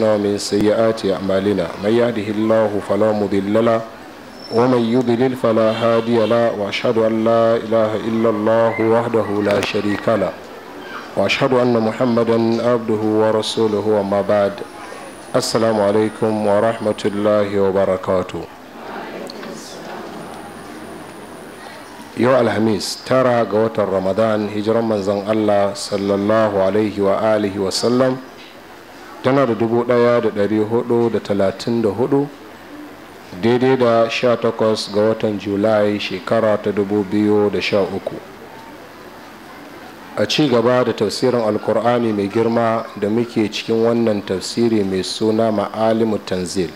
ومن سيئات أعمالنا من يهده الله فلا مضل له ومن يضلل فلا هادي له وأشهد أن لا إله إلا الله وحده لا شريك له وأشهد أن محمدا عبده ورسوله وما بعد السلام عليكم ورحمة الله وبركاته يو الهميس ترى قوة رمضان هجر من زن الله صلى الله عليه وآله وسلم tana da dubu ɗaya da ɗari hudu da talatin da hudu daidai da sha takwas ga watan julai shekara ta dubu biyu da sha uku a ci gaba da tafsirin alkur'ani mai girma da muke cikin wannan tafsiri mai suna ma'alimu tanzil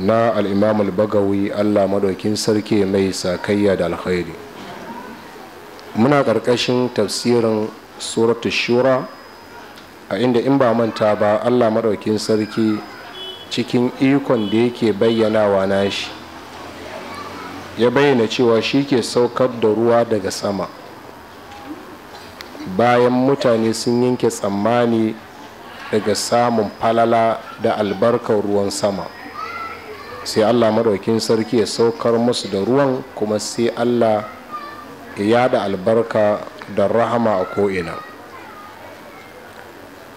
na al'imam al-bagawi allah madaukin sarki mai sakayya da alkhairi muna ƙarƙashin tafsirin suratul shura a inda in ba manta ba allah maɗaukin sarki cikin ikon da yake bayyanawa na shi ya bayyana cewa shi ke saukar da ruwa daga sama bayan mutane sun yanke tsammani daga samun falala da albarkar ruwan sama sai allah maɗaukin sarki ya saukar musu da ruwan kuma sai allah ya yada albarka da rahama a ko'ina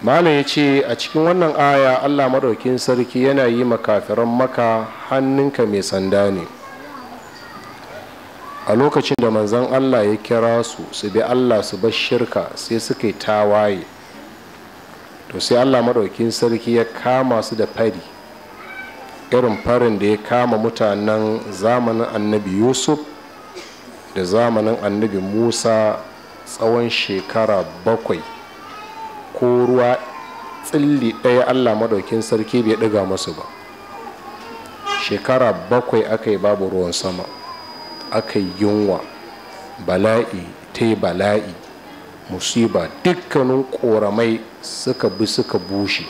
malam ya ce a cikin wannan aya allah maɗaukin sarki yana yi makafiran maka hannunka mai sanda ne a lokacin da manzan allah ya kira su su bi allah su bar shirka sai suka yi tawaye to sai allah maɗaukin sarki ya kama su da fari irin farin da ya kama mutanen zamanin annabi yusuf da zamanin annabi musa tsawon shekara bakwai ko ruwa tsilli ɗaya allah maɗaukin sarki bai ɗiga masu ba shekara bakwai aka yi babu ruwan sama aka yi yunwa bala'i ta yi bala'i musiba dukkanin ƙoramai suka bi suka bushe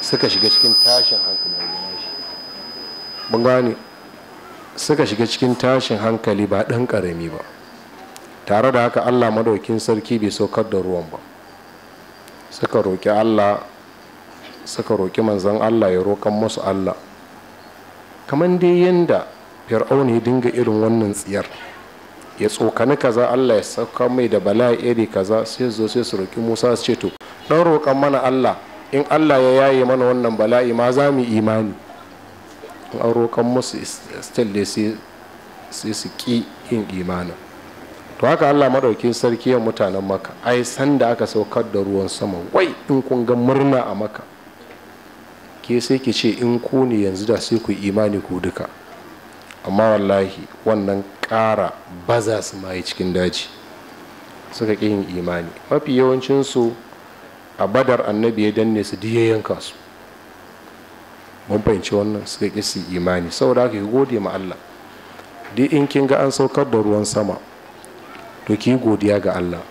suka shiga cikin tashin hankali gane suka shiga cikin tashin hankali ba ɗan ƙarami ba tare da haka allah maɗaukin sarki bai saukar da ruwan ba suka roƙi allah suka roƙi manzan allah ya roƙan musu allah kamar dai yadda fir'aun ya dinga irin wannan tsiyar ya tsokani kaza allah ya sauka mai da bala'i iri kaza sai zo sai su roƙi musa su ce to ɗan roƙan mana allah in allah ya yaye mana wannan bala'i ma za mu imani in an roƙan musu sai su ƙi yin imanin to haka allah maɗauki sarki yan mutanen maka ai sanda aka saukar da ruwan sama wai in kun ga murna a maka ke sai ki ce in ku ne yanzu da sai ku imani ku duka amma wallahi wannan ƙara baza su ma yi cikin daji suka ƙi yin imani mafi yawancinsu a badar annabi ya danne su diya ya yanka su mun fahimci wannan suka ƙi su imani saboda haka gode ma Allah duk in kin ga an saukar da ruwan sama to ki godiya ga Allah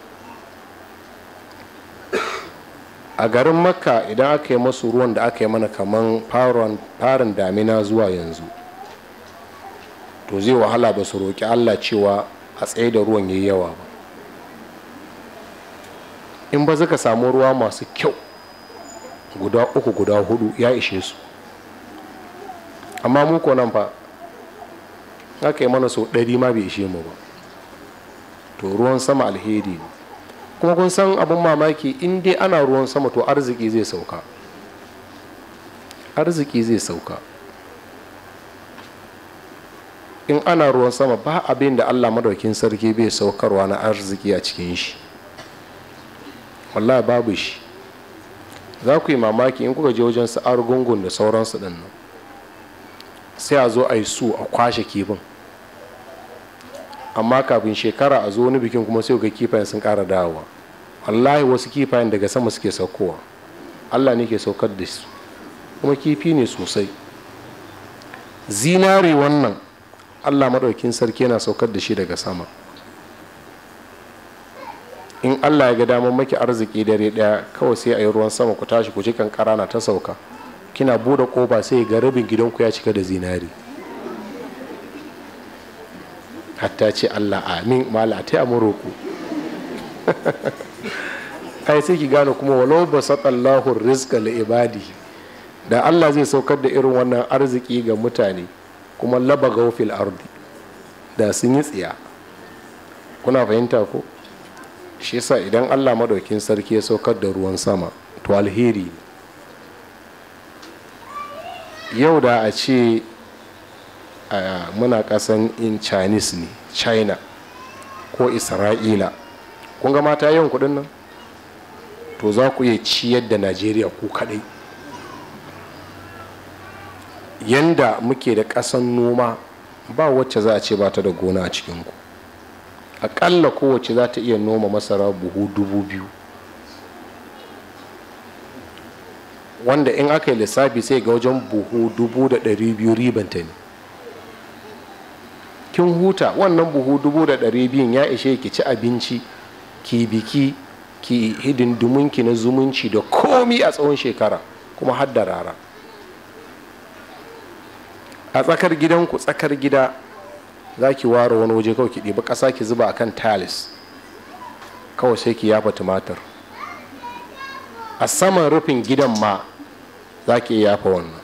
a garin makka idan aka yi masu ruwan da aka yi mana kaman farin damina zuwa yanzu to zai wahala ba su roƙi Allah cewa a tsaye da ruwan yayi yawa ba in ba zaka samu ruwa masu kyau guda uku guda hudu ya ishe su amma mu nan fa aka yi mana sau ɗari ma bai ishe mu ba to ruwan sama alheri ne kuma kun san abin mamaki in dai ana ruwan sama to arziki zai sauka arziki zai sauka in ana ruwan sama ba abin da allah madaukin sarki bai saukarwa na arziki a cikin shi wallahi babu shi za ku yi mamaki in kuka je wajen su argungun da sauransu ɗin sai a zo a yi su a kwashe kifin amma kafin shekara a zo wani bikin kuma sai ga kifayen sun kara dawowa wallahi wasu kifayen daga sama suke saukowa allah ne ke saukar da su kuma kifi ne sosai zinare wannan allah maɗaukin sarki yana saukar da shi daga sama in allah ya ga damar maki arziki dare ɗaya kawai sai a yi ruwan sama ku tashi ku ji kankara na ta sauka kina buɗe ƙofa sai ga rabin gidanku ya cika da zinari hatta ce Allah amin mala ta mu roƙo ai sai ki gane kuma walau basatallahu rizqa li ibadi da Allah zai saukar da irin wannan arziki ga mutane kuma laba fil ardi da sun yi tsiya kuna fahimta ko shi yasa idan Allah madaukin sarki ya saukar da ruwan sama to alheri yau da a ce muna kasan in chinese ne china ko isra'ila kun ga mata yawan kudin nan to za ku iya ciyar da najeriya ku kadai yanda muke da kasan noma ba wacce za a ce bata da gona a cikinku aƙalla kowace za ta iya noma masara buhu dubu biyu wanda in aka yi lissafi sai ga wajen buhu dubu da ɗari biyu ribanta ne kin huta wannan buhu dubu da ɗari biyun ya ishe ki ci abinci ki biki ki ki na zumunci da komi a tsawon shekara kuma har da rara a tsakar gidanku tsakar gida za ki ware wani waje kawai ki ɗiba ƙasa ki zuba a kan talis kawai sai ki yafa tumatir a saman rufin gidan ma za ki yafa wannan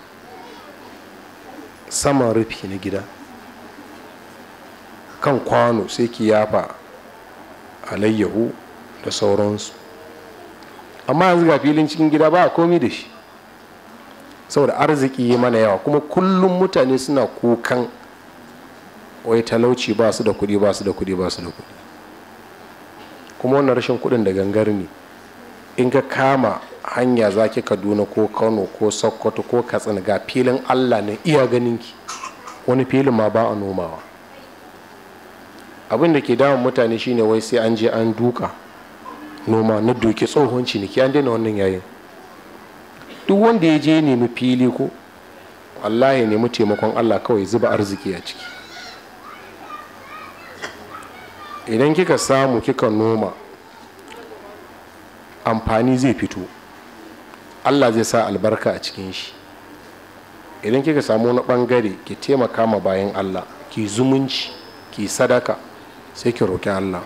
saman rufi na gida kan kwano sai ki yafa alayyahu da sauransu amma yanzu ga filin cikin gida ba a komi da shi saboda arziki yi mana yawa kuma kullum mutane suna kukan wai talauci ba su da kuɗi ba su da kuɗi ba su da kuɗi kuma wannan rashin kuɗin da gangar ne in ka kama hanya za ki kaduna ko kano ko sokoto ko katsina ga filin allah na iya ganinki wani filin ma ba a nomawa abin da ke damun mutane shine wai sai an je an duka noma na doke tsohon ciniki an daina wannan yayin duk wanda ya je nemi fili ko wallahi ya nemi taimakon allah kawai zuba arziki a ciki idan kika samu kika noma amfani zai fito allah zai sa albarka a cikin shi idan kika samu wani bangare ki taimaka ma bayan allah ki zumunci ki sadaka sai ki roƙi Allah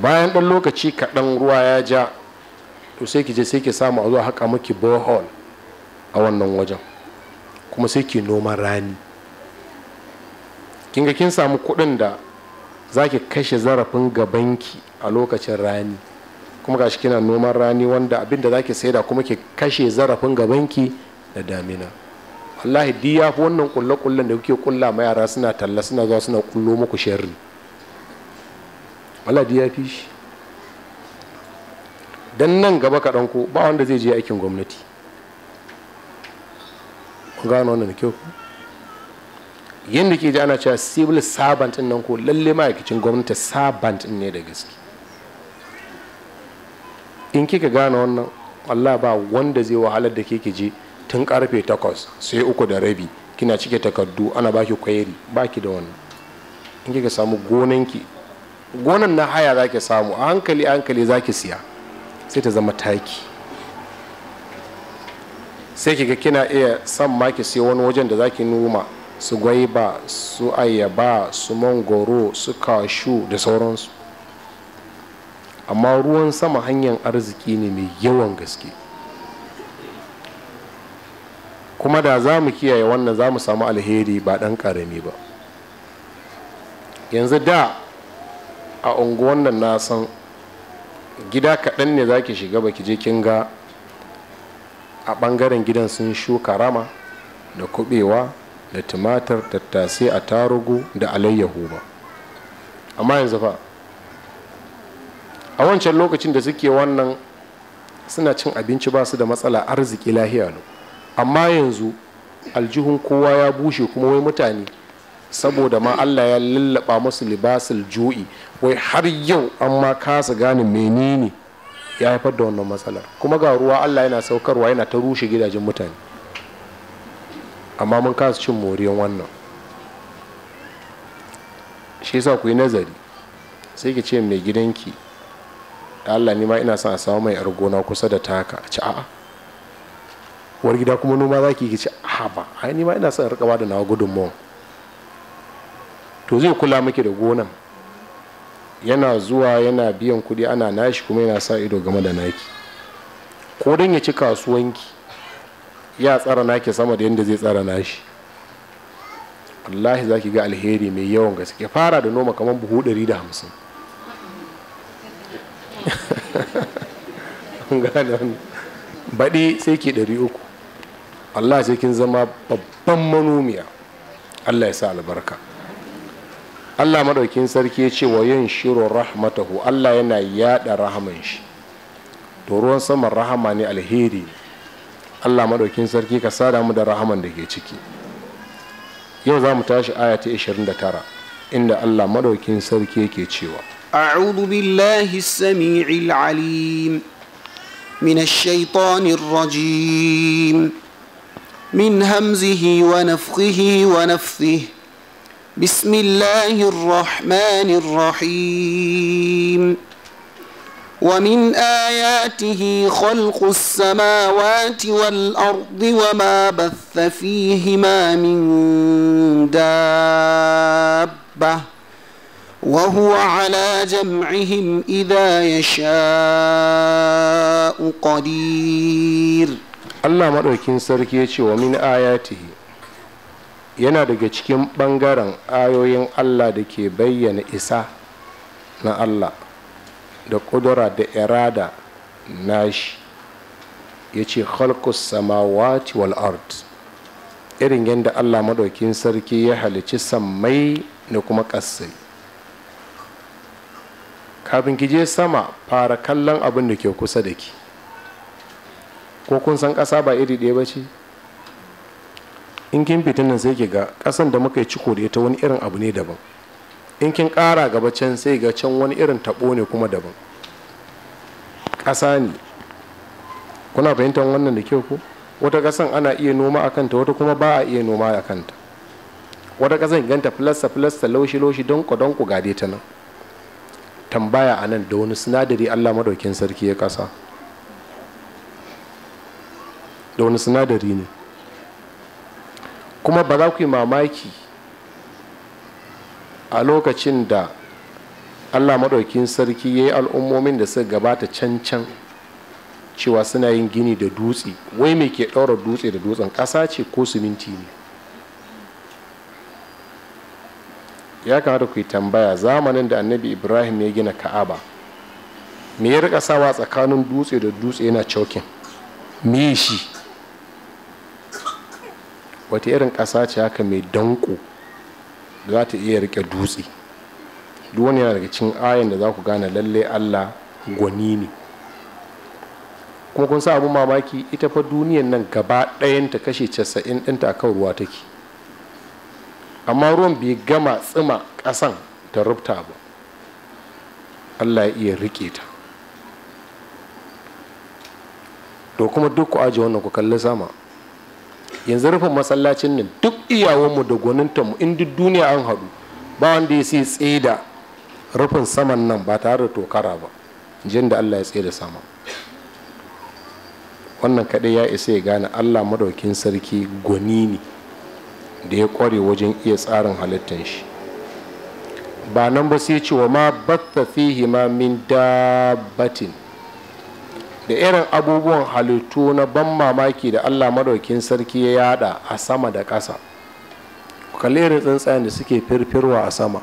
bayan ɗan lokaci kaɗan ruwa ya ja to sai ki je sai ki samu a zuwa haƙa maki borehole a wannan wajen kuma sai ki noman rani kinga kin samu kuɗin da za ki kashe zarafin gabanki a lokacin rani kuma gashi kina noman rani wanda abinda za ki saida kuma ki kashe zarafin gabanki da damina wallahi di ya fi wannan kulle-kullen da kuke kulla ma yara suna talla suna zuwa suna kullo muku sharri wallahi di ya fi shi dan nan gaba kaɗan ko ba wanda zai je aikin gwamnati gano wannan da kyau yadda ke ji ana cewa civil servant nan ko lalle ma'aikacin gwamnati servant ne da gaske in kika gane wannan allah ba wanda zai wahalar da ke je tun karfe takwas sai uku da rabi kina cike takardu ana baki kwairi baki da wannan in kika samu gonanki gonan na haya zaki samu a hankali a hankali zaki siya sai ta zama taki sai kiga kina iya san maki sai wani wajen da zaki noma su gwaiba su ayyaba su mangoro su kashu da sauransu amma ruwan sama hanyar arziki ne mai yawan gaske kuma da za mu kiyaye wannan za mu samu alheri ba dan karami ba yanzu da a unguwan nan na san gida kaɗan ne za ki shiga baki je kin ga a ɓangaren gidan sun shuka rama da kuɓewa da tumatir tattasai a tarugu da alayyahu ba amma yanzu fa a wancan lokacin da suke wannan suna cin abinci ba su da matsala arziki lahiya lokacin amma yanzu aljihun kowa ya bushe kuma wai mutane saboda ma allah ya lallaba musu libasul jo'i wai har yau an ma kasa gane menene ya haifar da wannan matsalar kuma ga ruwa allah yana saukarwa yana ta rushe gidajen mutane amma mun kasa cin moriyan wannan shi yasa ku yi nazari sai ki ce mai gidanki allah ni ma ina son a samu mai argona kusa da taka ci a'a uwar gida kuma noma za ki yi ce a ai ma ina son rikawa da nawa gudunmawa to zai kula miki da gonan yana zuwa yana biyan kuɗi ana nashi kuma yana sa ido game da naki ko don ya ci kasuwanki ya tsara naki sama da yadda zai tsara nashi wallahi za ki ga alheri mai yawan gaske fara da noma kamar buhu 150 baɗi sai ke uku. Allah sai kin zama babban manomiya Allah ya sa albarka Allah madaukin sarki ya ce wa yin shiro rahmatahu Allah yana yada rahaman shi to ruwan saman rahama ne alheri Allah madaukin sarki ka sada mu da rahaman da ke ciki yau za mu tashi aya ta 29 inda Allah madaukin sarki yake cewa a'udhu billahi samii'il alim min rajim من همزه ونفخه ونفثه بسم الله الرحمن الرحيم ومن آياته خلق السماوات والأرض وما بث فيهما من دابة وهو على جمعهم إذا يشاء قدير allah maɗaukin sarki ya ce wa min ayatihi yana daga cikin ɓangaren ayoyin allah da ke bayyana isa na allah da ƙudura da irada nashi ya ce khalqus samawati wal ard irin yadda allah maɗaukin sarki ya halici sammai da kuma ƙasai kafin ki je sama fara kallon abin da ke kusa da ki ko kun san ƙasa ba iri ɗaya ba ce in kin fitin nan sai ki ga ƙasan da muka yi ciko da ita wani irin abu ne daban in kin ƙara gaba can sai ga can wani irin taɓo ne kuma daban ƙasa ne kuna fahimtar wannan da kyau ko wata ƙasan ana iya noma a kanta wata kuma ba a iya noma a kanta wata ƙasan ganta filasta filasta laushi laushi don ku don ku gade ta nan tambaya a nan da wani sinadari allah madaukin sarki ya ƙasa da wani sinadari ne kuma ba za ku yi mamaki a lokacin da allah maɗaukin sarki ya yi al'ummomin da suka gabata can can cewa suna yin gini da dutse wai mai ke ɗaura dutse da dutsen ƙasa ce ko siminti ne ya kamata ku yi tambaya zamanin da annabi ibrahim ya gina ka'aba me ya rika sawa tsakanin dutse da dutse yana cokin me shi wata irin ƙasa ce haka mai danko za ta iya rike dutse duk wani yana daga cin ayan da za ku gane lalle allah gwani ne kuma kun sa abin mamaki ita fa duniyan nan gaba ɗayanta kashe casa'in ɗinta akan ruwa take amma ruwan bai gama tsima ƙasan ta rubta ba allah ya iya rike ta to kuma duk ku aji wannan ku kalli sama yanzu rufin masallacin nan duk iyawanmu da gwanintanmu in duk duniya an haɗu ba wanda ya sai tseda rufin saman nan ba tare da tokara ba jin da allah ya tseda sama wannan kaɗai ya isa ya gane allah madaukin sarki gwani ne da ya ƙware wajen iya tsarin halittar shi ba nan ba sai ce wa ma batta fihi ma min dabbatin da irin abubuwan halittu na ban mamaki da allah madaukin sarki ya yada a sama da ƙasa kalli irin tsuntsayen da suke firfirwa a sama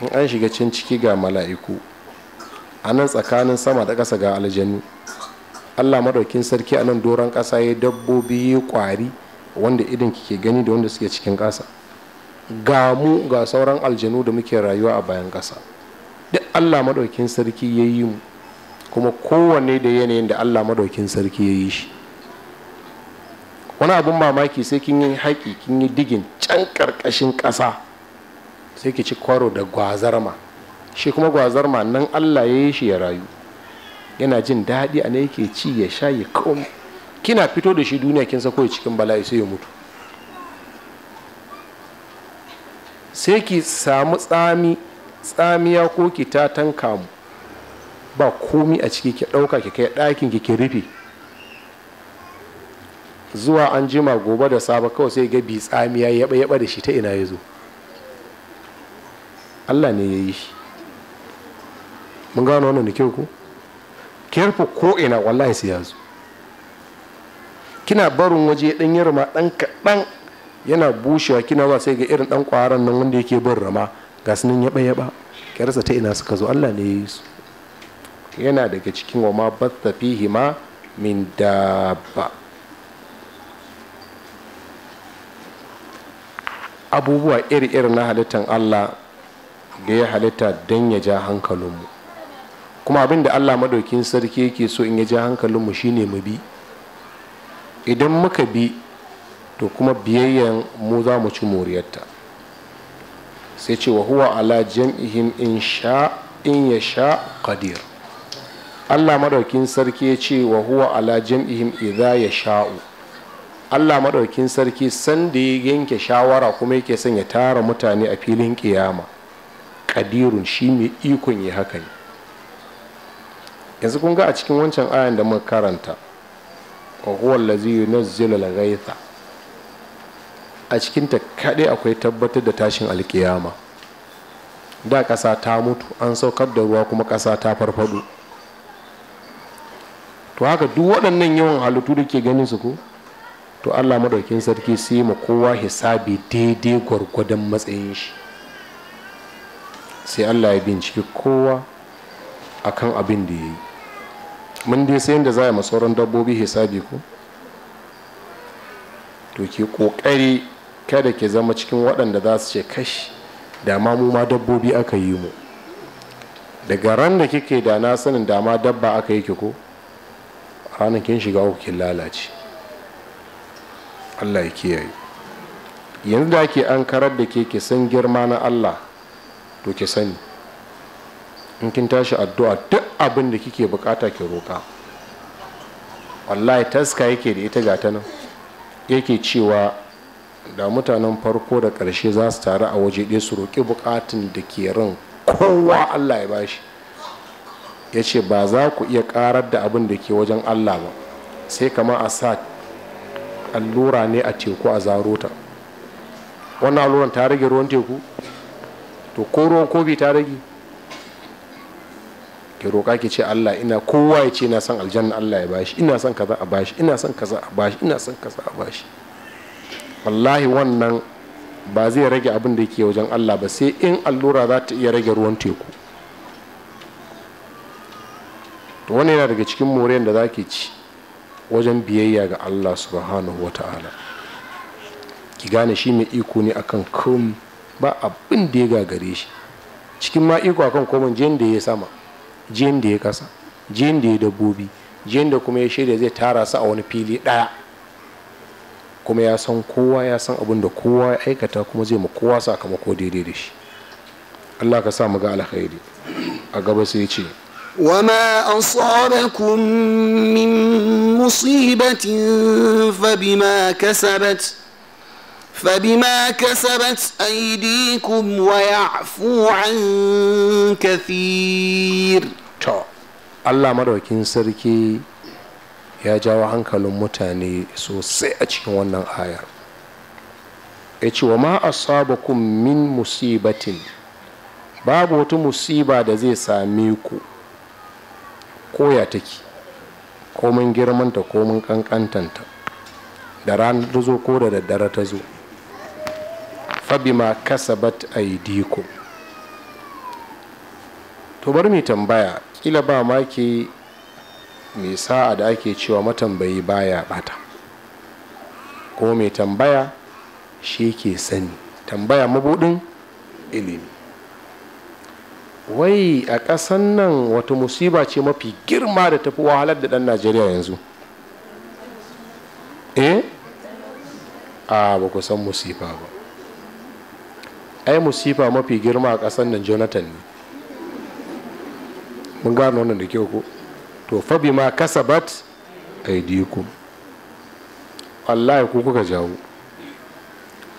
in an shiga cin ciki ga mala'iku a nan tsakanin sama da ƙasa ga aljanu allah madaukin sarki a nan doron ƙasa ya dabbobi ya ƙwari wanda idin kike gani da wanda suke cikin ƙasa ga mu ga sauran aljanu da muke rayuwa a bayan ƙasa duk allah madaukin sarki ya yi mu kuma kowanne da yanayin da allah madaukin sarki ya yi shi wani abin mamaki sai kin yi haƙi kin yi digin can ƙarƙashin ƙasa sai ki ci kwaro da gwazarma shi kuma gwazarma nan allah ya yi shi ya rayu yana jin daɗi a yake ci ya sha ya kawo kina fito da shi duniya kin sako cikin bala'i sai ya mutu sai ki samu tsami tsamiya ko ki ta tanka mu ba komi a ciki ki ɗauka ki kai ɗakin ki ki rufe zuwa an jima gobe da saba kawai sai ga tsamiya ya yaba da shi ta ina ya zo allah ne ya yi shi mun gano wannan da kyau ko ki ko ina wallahi sai ya zo kina barin waje ɗan yi rama ɗan kaɗan yana bushewa kina ba sai ga irin ɗan ƙwaron nan wanda yake bin rama ga su yaba yaba ki rasa ta ina suka zo allah ne ya yi su yana daga cikin wa ma batta fihi ma min dabba abubuwa iri-iri na halittar Allah da ya halitta don ya ja hankalinmu kuma abinda Allah madaukin sarki yake so in ya ja hankalinmu shine mu bi idan muka bi to kuma biyayyen mu za mu ci moriyarta sai ce wa huwa ala jam'ihim in sha in ya sha qadir Allah madaukin sarki ya ce wa huwa ala jam'ihim idza sha'u. Allah madaukin sarki san da ya yanke shawara kuma yake son ya tara mutane a filin kiyama kadirun shi mai ikon ya haka ne yanzu kun ga a cikin wancan ayan da muka karanta wa huwa allazi yunazzilu al a cikin ta akwai tabbatar da tashin alkiyama da ƙasa ta mutu an saukar da ruwa kuma ƙasa ta farfado to haka duk waɗannan yawan halittu da ke ganin su ko to allah maɗaukin sarki sai ma kowa hisabi daidai gwargwadon matsayin shi sai allah ya bincike kowa a kan abin da ya yi mun dai sai yadda za a yi sauran dabbobi hisabi ko to ke ƙoƙari kada ke zama cikin waɗanda za su ce kashi dama mu ma dabbobi aka yi mu daga ran da kike da na sanin dama dabba aka yi ki ko Ranakin shiga uku kin lalace allah ya kiyaye yanzu da ke an karar da ke ke san girma na allah to ki sani in kin tashi addu'a duk abin da kike bukata ke roƙa wallahi taska yake da ita gata nan yake cewa da mutanen farko da ƙarshe za su taru a waje ɗaya su roƙi bukatun da ke ran kowa allah ya bashi ya ce ba za ku iya karar da abin da ke wajen allah ba sai kama a sa allura ne a teku a zarota wannan alluran ta rage ruwan teku to ko ruwan kofi ta rage ki roƙa ki ce Allah ina kowa ya ce na son aljanna Allah ya bashi ina son kaza a bashi ina son kaza a bashi ina son kaza a bashi wallahi wannan ba zai rage abin da ke wajen Allah ba sai in allura za ta iya rage ruwan teku to wani yana daga cikin moriyar da za zaki ci wajen biyayya ga Allah subhanahu wa ta'ala ki gane shi mai iko ne akan kan ba abin da ya gagare shi cikin ma iko akan komai jiyan da ya sama jiyan da ya kasa jiyan da ya dabbobi jiyan da kuma ya shirya zai tara su a wani fili ɗaya kuma ya san kowa ya san abin da kowa ya aikata kuma zai ma kowa sakamako daidai da shi Allah ka sa mu ga alkhairi a gaba sai ce وما أصابكم من مصيبة فبما كسبت فبما كسبت أيديكم ويعفو عن كثير Allah madaukin sarki ya jawo hankalin mutane sosai a cikin wannan ayar ya ce wa ma kun min musibatin babu wata musiba da zai same ku koya take komin girmanta komin kankantanta da ranar ta zo ko da daddara ta zo fabima kasabat diko to bar mai tambaya kila ba ma ke mai sa'a da ake cewa matambayi baya bata ko mai tambaya shi ke sani tambaya mabudin ilimi wai a ƙasan nan wata musiba ce mafi girma da tafi wahalar da ɗan najeriya yanzu eh a ba ku san musifa ba ai musifa mafi girma a ƙasan nan jonathan ne mun gano wannan da kyau ko to fa bima kasabat aidiku wallahi ku kuka jawo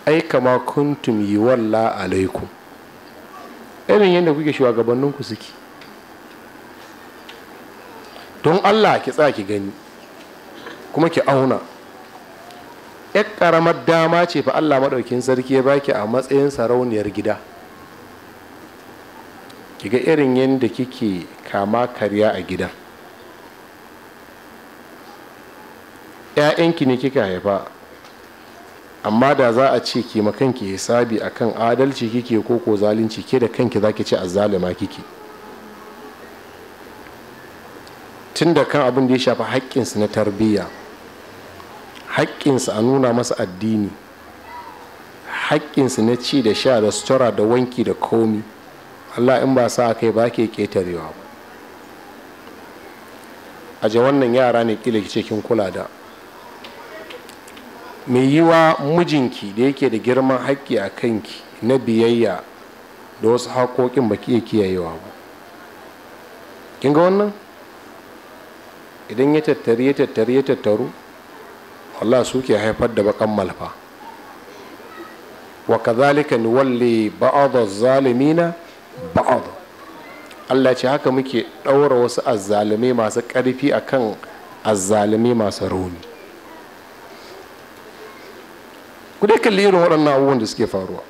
ai kama kuntum yi walla alaikum irin yadda kuke shugabanninku suke don allah ki tsaya ki gani kuma ki auna yan ƙaramar dama ce fa allah maɗaukin sarki ya baki a matsayin sarauniyar gida ki ga irin yadda kike kama karya a gidan 'ya'yanki ne kika haifa amma da za a ce ki makanki hisabi akan adalci kike ko ko zalunci ke da kanki zaki ce azzalima kike tun da kan abin da ya shafi haƙƙinsu na tarbiyya haƙƙinsu a nuna masa addini haƙƙinsu na ci da sha da sutura da wanki da komi allah in ba sa kai ba ke ƙetarewa a wannan yara ne ƙila ce kin kula da mai yi wa mijinki da yake da girman haƙƙi a kanki na biyayya da wasu haƙoƙin baki iya kiyayewa ba kin ga wannan idan ya tattari ya tattari ya tattaru Allah su ke haifar da bakan malfa wa kazalika nuwalli ba'adha zalimina ba'adha Allah ce haka muke ɗaura wasu azzalumai masu ƙarfi akan azzalumai masu rauni ku kalli irin waɗannan abubuwan da suke faruwa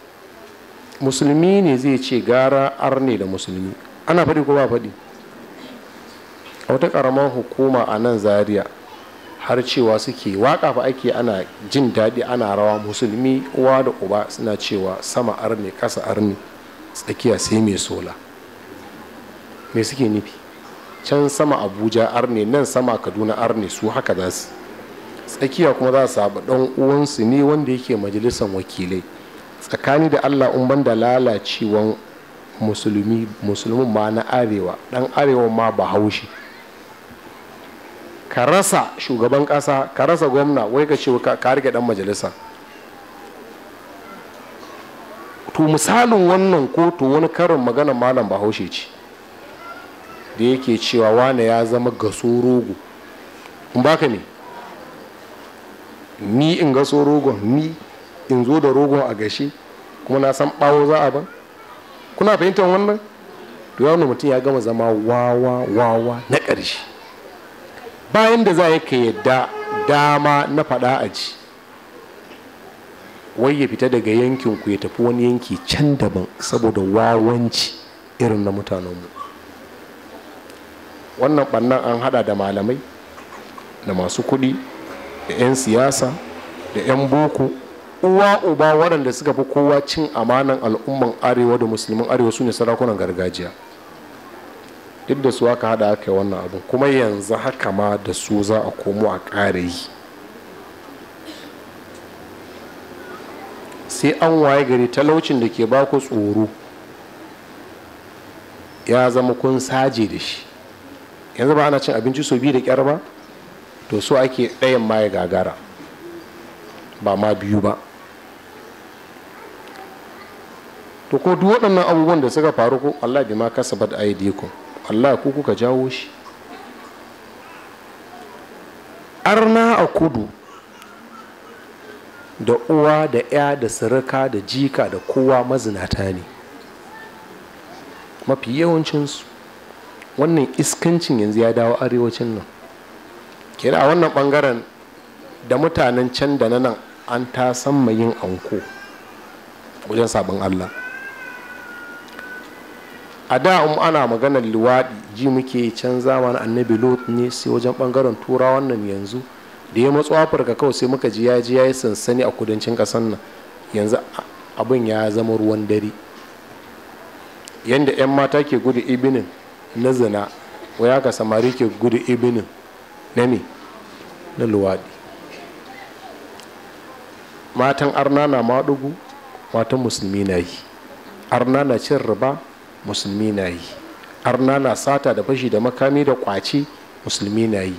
musulmi ne zai ce gara arne da musulmi ana faɗi ko ba faɗi a wata ƙaramar hukuma a nan Zariya har cewa suke waƙa fa ake ana jin daɗi ana rawa musulmi uwa da uba suna cewa sama arne ƙasa arne tsakiya sai mai sola me suke nufi can sama abuja arne nan sama kaduna arne su haka za su tsakiya kuma za su haɓa ɗan uwansu ne wanda yake majalisar wakilai tsakani da allah in da lalacewan musulmi musulmin ma na arewa ɗan arewa ma bahaushe ka rasa shugaban ƙasa ka rasa gwamna wai ka ce ka rike ɗan majalisa to misalin wannan kotu wani karin magana malam bahaushe ce da yake cewa wane ya zama gaso rogo in ka ne ni in ga so rogon ni in zo da rogon a gashi kuma na san bawo za a ba kuna fahimtar wannan to ya mutum ya gama zama wawa wawa na ƙarshe bayan da za ya ka yadda dama na faɗa a ji wai ya fita daga yankin ku ya tafi wani yanki can daban saboda wawanci irin na mutanenmu wannan ɓannan an hada da malamai da masu kuɗi da 'yan siyasa da 'yan boko uwa uba waɗanda suka fi kowa cin amanan al'umman arewa da musulmin arewa su ne sarakunan gargajiya duk da su aka haɗa aka yi wannan abin kuma yanzu haka ma da su za a komo a ƙare yi sai an waye gari talaucin da ke baku tsoro ya zama kun saje da shi yanzu ba ana cin abinci sau biyu da kyar ba to so ake ɗayan ma ya gagara ba ma biyu ba to ko duk waɗannan abubuwan da suka faru ko Allah bi ma kasabat aydikum Allah ku kuka jawo shi arna a kudu da uwa da ya da sirika da jika da kowa mazinata ne mafi yawancinsu wannan iskancin yanzu ya dawo arewacin nan kira wannan bangaren da mutanen can da nan an ta san mai yin anko wajen sabon allah a da ana maganar luwaɗi ji muke can zaman annabi lot ne sai wajen bangaren tura wannan yanzu da ya matsu afirka kawai sai muka ji ya ji ya yi sansani a kudancin ƙasar nan yanzu abin ya zama ruwan dare yadda 'yan mata ke gudu ibinin na zina waya ka samari ke gudu ibinin na me na luwaɗi matan arna na maɗugu matan musulmi na yi arna na cin riba musulmi na yi arna na sata da fashi da makami da ƙwace musulmi na yi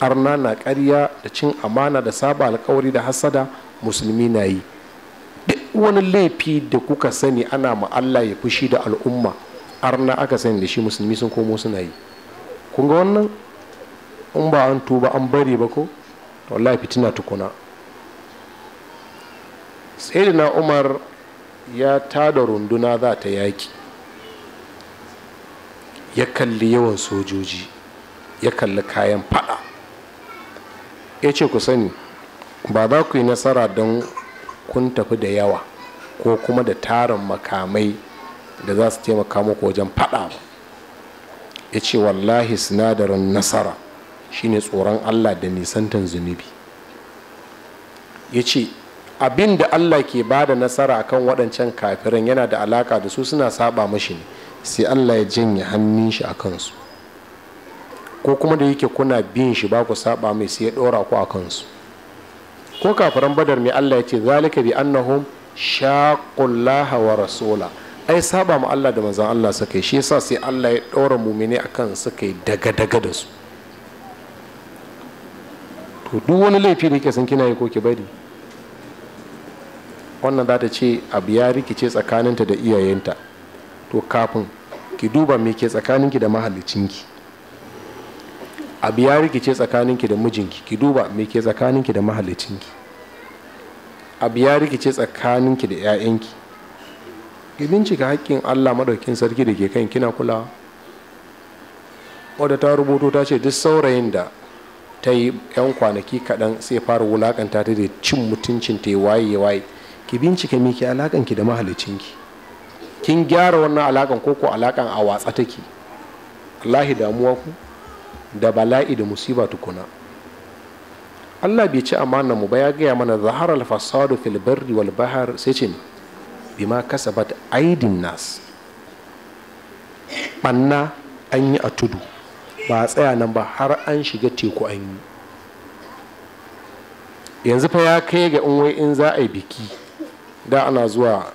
arna na ƙarya da cin amana da saba alkawari da hasada musulmi na yi duk wani laifi da kuka sani ana ma Allah ya fushi da al'umma arna aka sani da shi musulmi sun komo suna yi kun ga wannan in ba an tuba an bari ba ko wallahi fitina tukuna sayyidina umar ya tada runduna za ta yaki ya kalli yawan sojoji ya kalli kayan fada ya ce ku sani ba za ku yi nasara don kun tafi da yawa ko kuma da tarin makamai da za su taimaka muku wajen fada ya ce wallahi sinadarin nasara shine tsoron allah da nisantan zunubi ya ce abin da allah ke ba da nasara akan waɗancan kafiran yana da alaka da su suna saba mashi ne sai allah ya janye hannun shi a kansu ko kuma da yake kuna bin shi ba ku saba mai sai ya ɗora ku a kansu ko kafiran badar mai allah ya ce zalika bi annahum shaqullaha wa rasula ai saba mu allah da manzon allah suka yi shi yasa sai allah ya ɗora mumini akan suka yi daga-daga da su to duk wani laifi ne ke san kina yi ko ki bari wannan za ta ce abu ya rikice tsakaninta da iyayenta to kafin ki duba me ke tsakaninki da mahalicinki abu ya rikice tsakaninki da mijinki ki duba me ke tsakaninki da mahalicinki abu ya rikice tsakaninki da 'ya'yanki ki bincika haƙƙin allah maɗaukin sarki da ke kan kina kulawa wadda ta rubuto ta ce duk saurayin da ta yi 'yan kwanaki kaɗan sai fara wulakanta ta da cin mutuncin ta waye waye ki bincika me ki alakanki da mahalicinki kin gyara wannan alakan ko ko alakan a watsa take Allahi damuwa ku da bala'i da musiba tukuna Allah bai ci amanar mu ba ya gaya mana zaharar fasadu fil barri wal bahar sai ce bima kasabat aidin nas banna an yi a tudu ba a tsaya nan ba har an shiga teku an yi yanzu fa ya kai ga inwai in za a yi biki da ana zuwa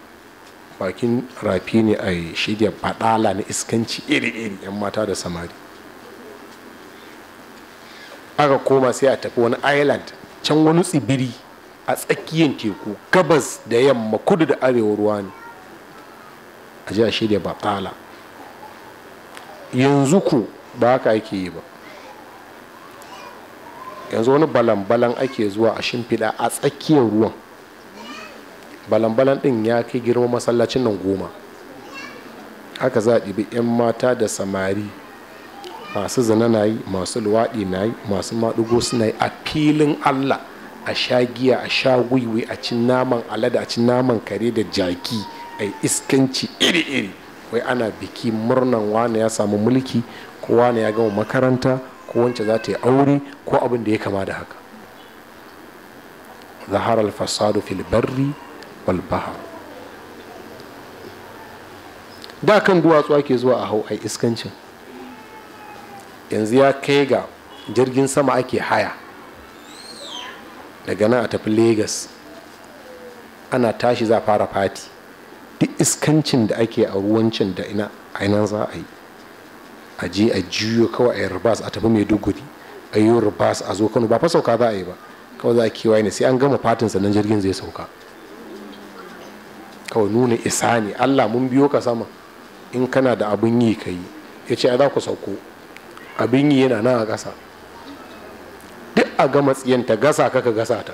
bakin rafi ne a yi shirya fadala na iskanci iri-iri 'yan mata da samari aka koma sai a tafi wani island can wani tsibiri a tsakiyar teku gabas da yamma kudu da arewa ruwa ne a ji a shirya yanzu ku ba haka ake yi ba yanzu wani balan-balan ake zuwa a shimfiɗa a tsakiyar ruwan balan-balan ɗin ya kai girma masallacin nan goma haka za a ɗibi 'yan mata da samari masu zina na yi masu luwaɗi na yi masu maɗugo suna yi a filin allah a sha giya a sha gwiwi a cin naman alada a cin naman kare da jaki a iskanci iri-iri wai ana biki murnan wane ya samu mulki kowa ne ya gama makaranta ko wance za ta yi aure ko abin da ya kama da haka zahar alfasadu fil da kan duwatsu ake zuwa a hau a iskancin yanzu ya kai ga jirgin sama ake haya daga nan a tafi Legas ana tashi za fara fati duk iskancin da ake a ruwancin da ina ainihin za a yi a je a juyo kawai a yi ribas a tafi maiduguri a yi ribas a zo kano ba fa sauka za a yi ba kawai za a kewaye ne sai an gama fatin sannan jirgin zai sauka kawai nuna isa ne allah mun biyo ka sama in kana da abin yi ka yi ya ce za ku sauko abin yi yana nan a ƙasa duk a ga tsiyanta gasa kaka gasa ta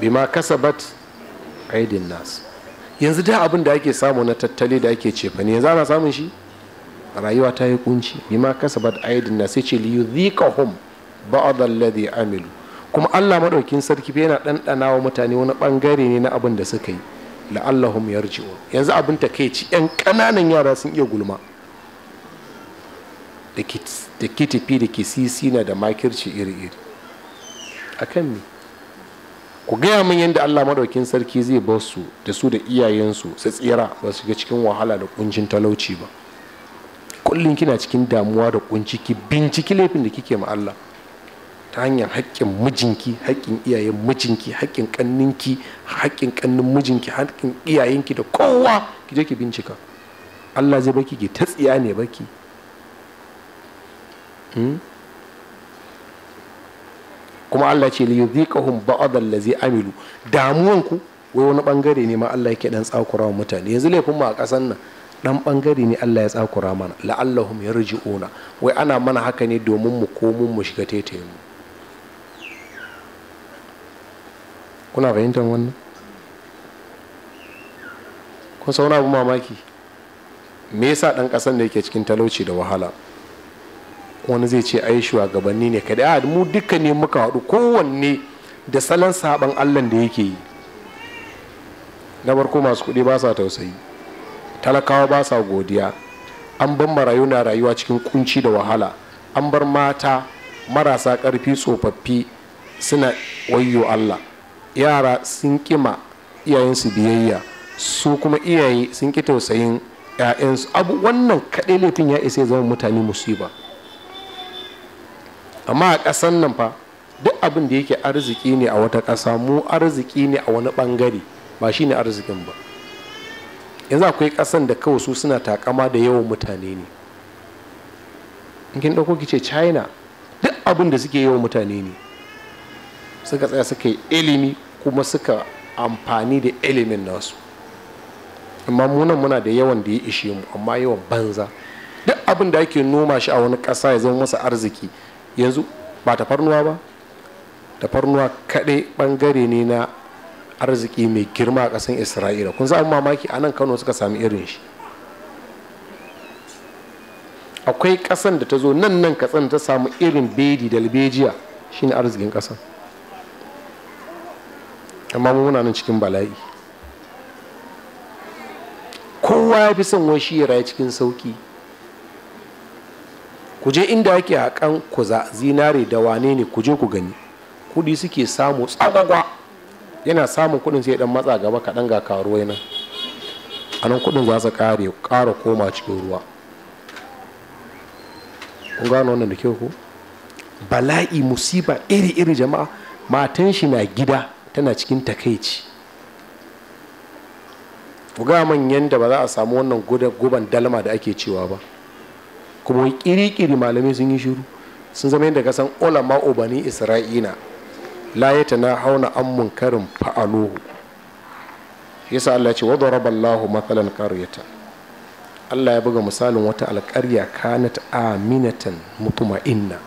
bima kasabat aidin nas yanzu da abin da ake samu na tattali da ake cefane yanzu ana samun shi rayuwa ta yi kunci bima kasabat aidin na sai ce li yudhiqahum ba'd ladi amilu kuma Allah maɗaukin sarki yana ɗanɗana wa mutane wani ɓangare ne na abin da suka yi la'allahum yarji'un yanzu abin ta ci yan ƙananan yara sun iya gulma da kitifi da sisi na da makirci iri-iri A kan me ku gaya min yadda allah maɗaukin sarki zai basu su da su da iyayensu su tsira ba su ga cikin wahala da kuncin talauci ba kullum kina cikin damuwa da kunci binciki laifin da kike ma Allah ta hanyar haƙƙin mijinki haƙƙin iyayen mijinki haƙƙin ƙanninki haƙƙin ƙannin mijinki haƙƙin iyayenki da kowa ki je ki bincika Allah zai baki ki ta tsiya ne baki hmm? kuma Allah ce li yuziqahum ba'd allazi amilu damuwanku wai wani bangare ne ma Allah yake dan tsakura mutane yanzu laifin mu a kasan nan dan bangare ne Allah ya tsakura mana la'allahum yarji'una wai ana mana haka ne domin mu komo mu shiga taitayin mu kuna fahimtar wannan kun sauna abu mamaki me yasa dan kasan da yake cikin talauci da wahala wani zai ce ai shugabanni ne kada a mu duka ne muka haɗu kowanne da salon saban Allah da yake yi na farko masu kuɗi ba sa tausayi talakawa ba sa godiya an bar marayu na rayuwa cikin kunci da wahala an bar mata marasa ƙarfi tsofaffi suna wayo allah yara sun kima iyayensu biyayya su kuma iyaye sun ki tausayin 'ya'yansu abu wannan kaɗai laifin ya isa zama mutane musiba amma a ƙasan nan fa duk abin da yake arziki ne a wata ƙasa mu arziki ne a wani ɓangare ba shi ne arzikin ba yanzu akwai kasan da kawai su suna takama da yawan mutane ne in kin dauko kice china duk abin da suke yawan mutane ne suka tsaya suka yi ilimi kuma suka amfani da ilimin nasu amma munan muna da yawan da ya ishe mu amma yawan banza duk abin da ake noma shi a wani ƙasa ya zama masa arziki yanzu ba tafarnuwa ba tafarnuwa kaɗai ɓangare ne na arziki mai girma a ƙasar isra'ila kun samu mamaki a nan kano suka sami irin shi akwai ƙasan da ta zo nan nan katsan ta samu irin bedi da shi shine arzikin ƙasan amma muna nan cikin bala'i kowa ya fi son wani ya cikin sauki ku je inda yake haƙan kuza zinare da wane ne ku je ku gani kuɗi suke samu tsagagwa yana samun kuɗin sai dan matsa gaba kaɗan ga karuwa nan a nan kuɗin za su ƙare ƙara koma cikin ruwa kun gano wannan da kyau ko bala'i musiba iri-iri jama'a matan shi na gida tana cikin takaici ku ga manyan da ba za a samu wannan guban dalma da ake cewa ba kuma kiri-kiri malamai sun yi shiru sun zama yadda kasan ulama ubani isra'ila la ya na hauna an munkarin fa'aluhu yasa Allah ce wadda raballahu matsalan karyata Allah ya buga misalin wata alƙarya kanat aminatan mutuma'inna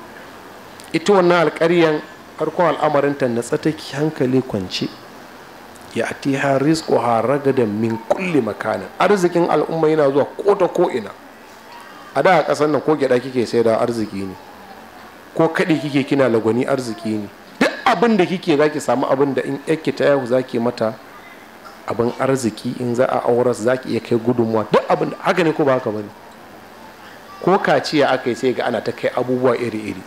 ita wannan alƙaryan harkon al'amarinta na tsataki hankali kwance ya ati ha rizqu ha ragadan min kulle makanin arzikin al'umma yana zuwa ko ta ko a da a ƙasar nan ko gyaɗa kike sai da arziki ne ko kaɗi kike kina lagwani arziki ne abin da kike za ki samu abin da in yake ta yahu za ki mata abin arziki in za a auras za ki iya kai gudunmuwa duk abin da haka ne ko ba haka bane ko kaciya aka yi sai ga ana ta kai abubuwa iri-iri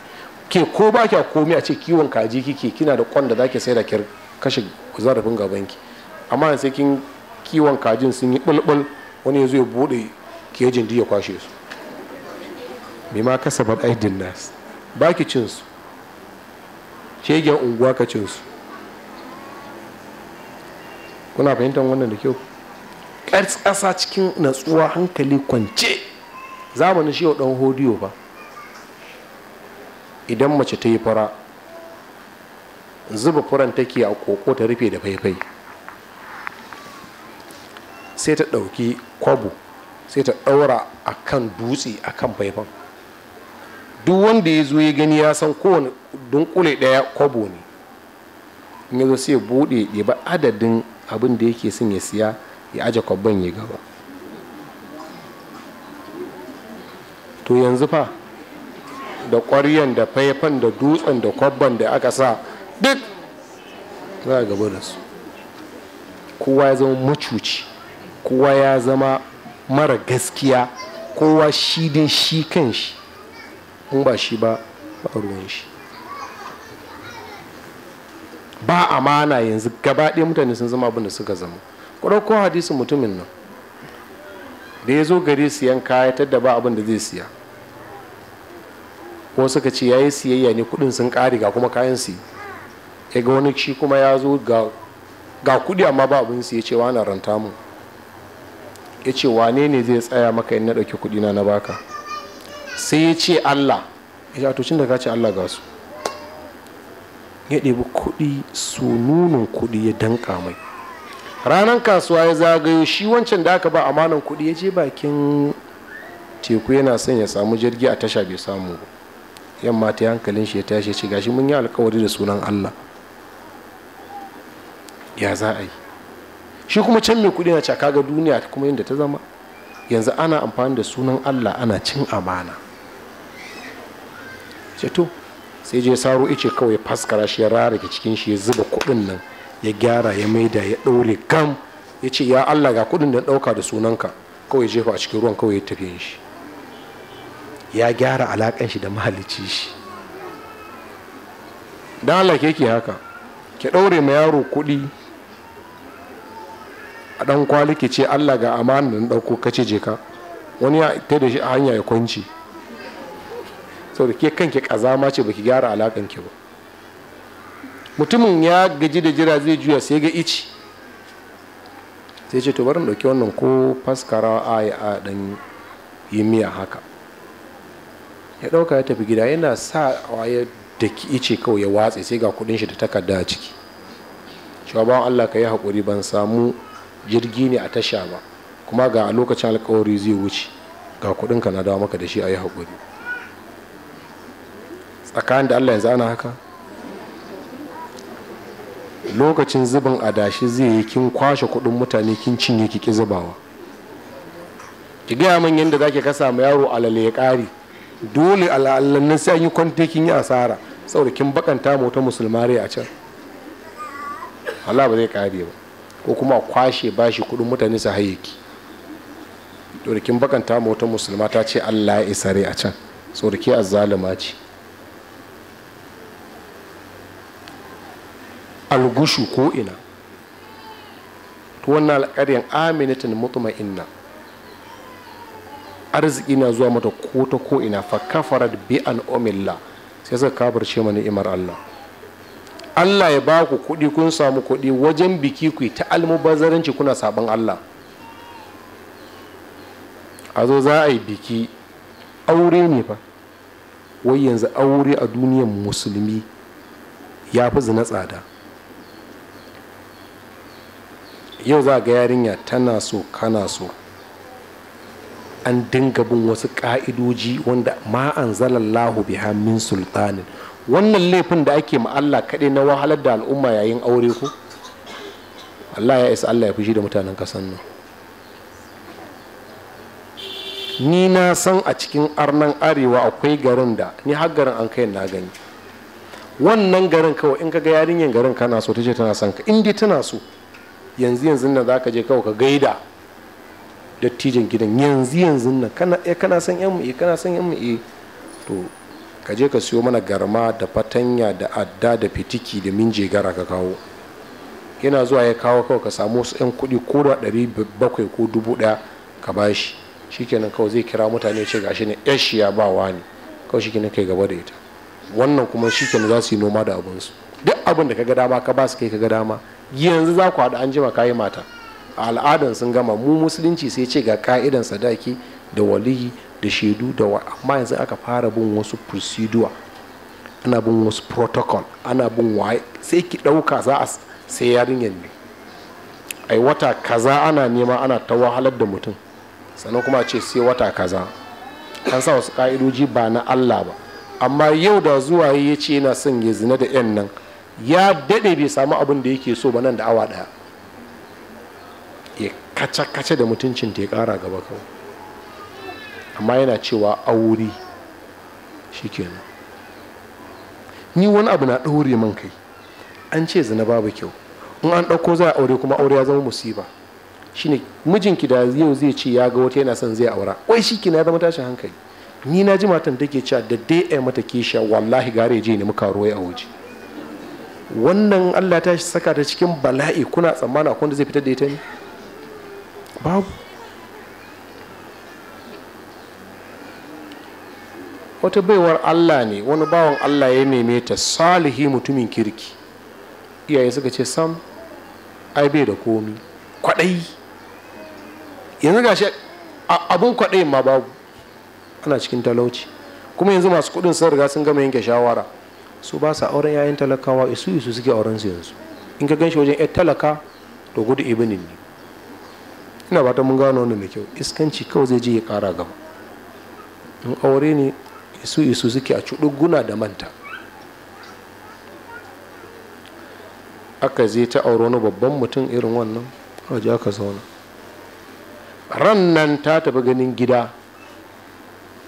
ke ko ba kya komi a ce kiwon kaji kike kina da kwan da za ki sai da kyar kashe zarafin ki amma sai kin kiwon kajin sun yi bulbul wani ya bude kejin ya kwashe su bima ba aidin nas baki cin su shegen unguwa ka ce su kuna fahimtar wannan da kyau ƙasa cikin natsuwa hankali kwance zamanin shi ɗan hodiyo ba idan mace ta yi fara zuba furan take a koko ta rufe da faifai sai ta ɗauki kwabo sai ta ɗaura a kan dutse a kan faifan duk wanda ya zo ya gani ya san kowane dunkule daya kwabo ne in ya zo sai ya buɗe ya ba adadin abin da yake son ya siya ya aje kwabban ya gaba to yanzu fa da ƙwaryan da faifan da dutsen da kwabban da aka sa duk za a gaba da su kowa ya zama macuci kowa ya zama mara gaskiya kowa shi dai shi kan shi in ba shi ba ba ruwan shi ba amana yanzu gaba ɗaya mutane sun zama abin da suka zama ko hadisin mutumin nan da ya zo gari siyan kaya da ba abin da zai siya ko suka ce ya yi siyayya ne kudin sun ƙari ga kuma kayan su ya ga wani shi kuma ya zo ga kudi amma ba abin siya ya ce ranta mu ya ce wane ne zai tsaya maka in na ɗauki kudina na baka sai ya ce allah ya atocin da ka ce allah ga su ya ɗebi kuɗi su nunin kuɗi ya danka mai ranar kasuwa ya zagayo shi wancan da aka ba amanan kuɗi ya je bakin teku yana son ya samu jirgi a tasha bai samu ba yamma ta hankalin shi ya tashi ce gashi mun yi alkawari da sunan allah ya za a yi shi kuma can mai kuɗi na caka ga duniya kuma yadda ta zama yanzu ana amfani da sunan allah ana cin amana sai to sai je saro ice kawai faskara shi ya rarrake cikin shi ya zuba kuɗin nan ya gyara ya maida ya ɗaure gam ya ce ya allah ga kuɗin da ɗauka da sunanka kawai jefa a cikin ruwan kawai ya tafi shi ya gyara alaƙan shi da mahalicci shi da allah ke haka ke ɗaure ma yaro kuɗi a ɗan kwali ke ce allah ga amanin ɗauko kace je ka wani ya ta da shi a hanya ya kwanci saboda ke kanki kazama ce baki gyara alakan ki ba mutumin ya gaji da jira zai juya sai ga ici sai ce to bari dauke wannan ko faskara a yi a dan yi miya haka ya dauka ya tafi gida yana sa ya daki ice kawai ya watse sai ga kudin shi da takarda a ciki shugaban Allah ka yi hakuri ban samu jirgi ne a tasha ba kuma ga lokacin alkawari zai wuce ga kudin ka na dawo maka da shi a yi hakuri tsakanin da allah ya zana haka lokacin zubin adashi zai yi kin kwashe kudin mutane kin cinye ki ki zubawa ki gaya min yadda zaki kasa ma yaro alale ya kari dole ala'allan nan sai an yi kwanta kin yi asara saboda kin bakanta ma wata a can Allah ba zai kare ba ko kuma kwashe bashi kudin mutane su haye ki kin bakanta ma wata musulma ta ce Allah ya isare a can saboda ke azzalima ce algushu ko ina to wannan alƙaryan aminatin mutma'inna arziki na zuwa mata ko ta ko ina fa kafarat bi al'umilla sai suka kabarce mana ni'imar Allah Allah ya ba ku kuɗi kun samu kuɗi wajen biki ku ta kuna sabon Allah a zo za a yi biki aure ne fa wai yanzu aure a duniyar musulmi ya fi zina tsada yau za ga yarinya tana so kana so an dinga bin wasu ka'idoji wanda ma an zalallahu biha min sultanin wannan laifin da ake ma Allah kaɗai na wahalar da al'umma yayin aure ku Allah ya isa Allah ya fushi da mutanen kasan nan ni na san a cikin arnan arewa akwai garin da ni har garin an kai na gani wannan garin kawai in ka ga yarinyar garin kana so ta ce tana son ka in tana so yanzu yanzu nan za ka je kawai ka gaida dattijan gidan yanzu yanzu nan kana eh kana san yan mu eh kana san yan mu eh to ka je ka siyo mana garma da fatanya da adda da fitiki da minje gara ka kawo yana zuwa ya kawo kawai ka samu wasu yan kuɗi ko da ɗari bakwai ko dubu ɗaya ka bashi shikenan kawai zai kira mutane ce gashi ne shi ya ba wani kawai shikenan kai gaba da ita wannan kuma shikenan za su yi noma da abinsu duk abin da ka ga dama ka ba su kai ka ga dama yanzu za ku haɗu an jima kayi mata a al'adan sun gama mu musulunci sai ce ga ka'idan sadaki da waliyi da shaidu da wa amma yanzu aka fara bin wasu procedure ana bin wasu protocol ana bin waye sai ki ɗauka za a sai yarinyar ne ai wata kaza ana nema ana ta wahalar da mutum sannan kuma ce sai wata kaza an sa wasu ka'idoji ba na allah ba amma yau da zuwa ya ce yana son ya zina da 'yan nan ya daɗe bai samu abin da yake so ba nan da awa ɗaya ya kace-kace da mutuncin ta ya ƙara gaba kawai amma yana cewa aure shi ni wani abu na ɗaure man kai an ce zina babu kyau in an ɗauko za a aure kuma aure ya zama musiba shine mijinki da yau zai ce ya ga wata yana son zai aura wai shi ke ya zama tashin hankali ni na ji matan take cewa da dai mata kisha wallahi gare je ne muka ruwa a waje wannan allah ta saka ta cikin bala'i kuna tsammana akwai wanda zai fitar da ita ne babu wata baiwar allah ne wani bawan allah ya neme ta salihi mutumin kirki iyaye suka ce sam ai bai da komi kwadai yanzu gashi abun kwadai ma babu ana cikin talauci kuma yanzu masu kudin sun riga sun gama yanke shawara su ba sa auren yayin talakawa isu isu suke auren su yanzu in ka gan shi wajen yan talaka to gudu ibinin ne ina ba ta mun gano wannan mai kyau iskanci kawai zai je ya kara gaba in aure ne isu isu suke a guna da manta aka je ta auro wani babban mutum irin wannan waje aka zauna ran nan ta tafi ganin gida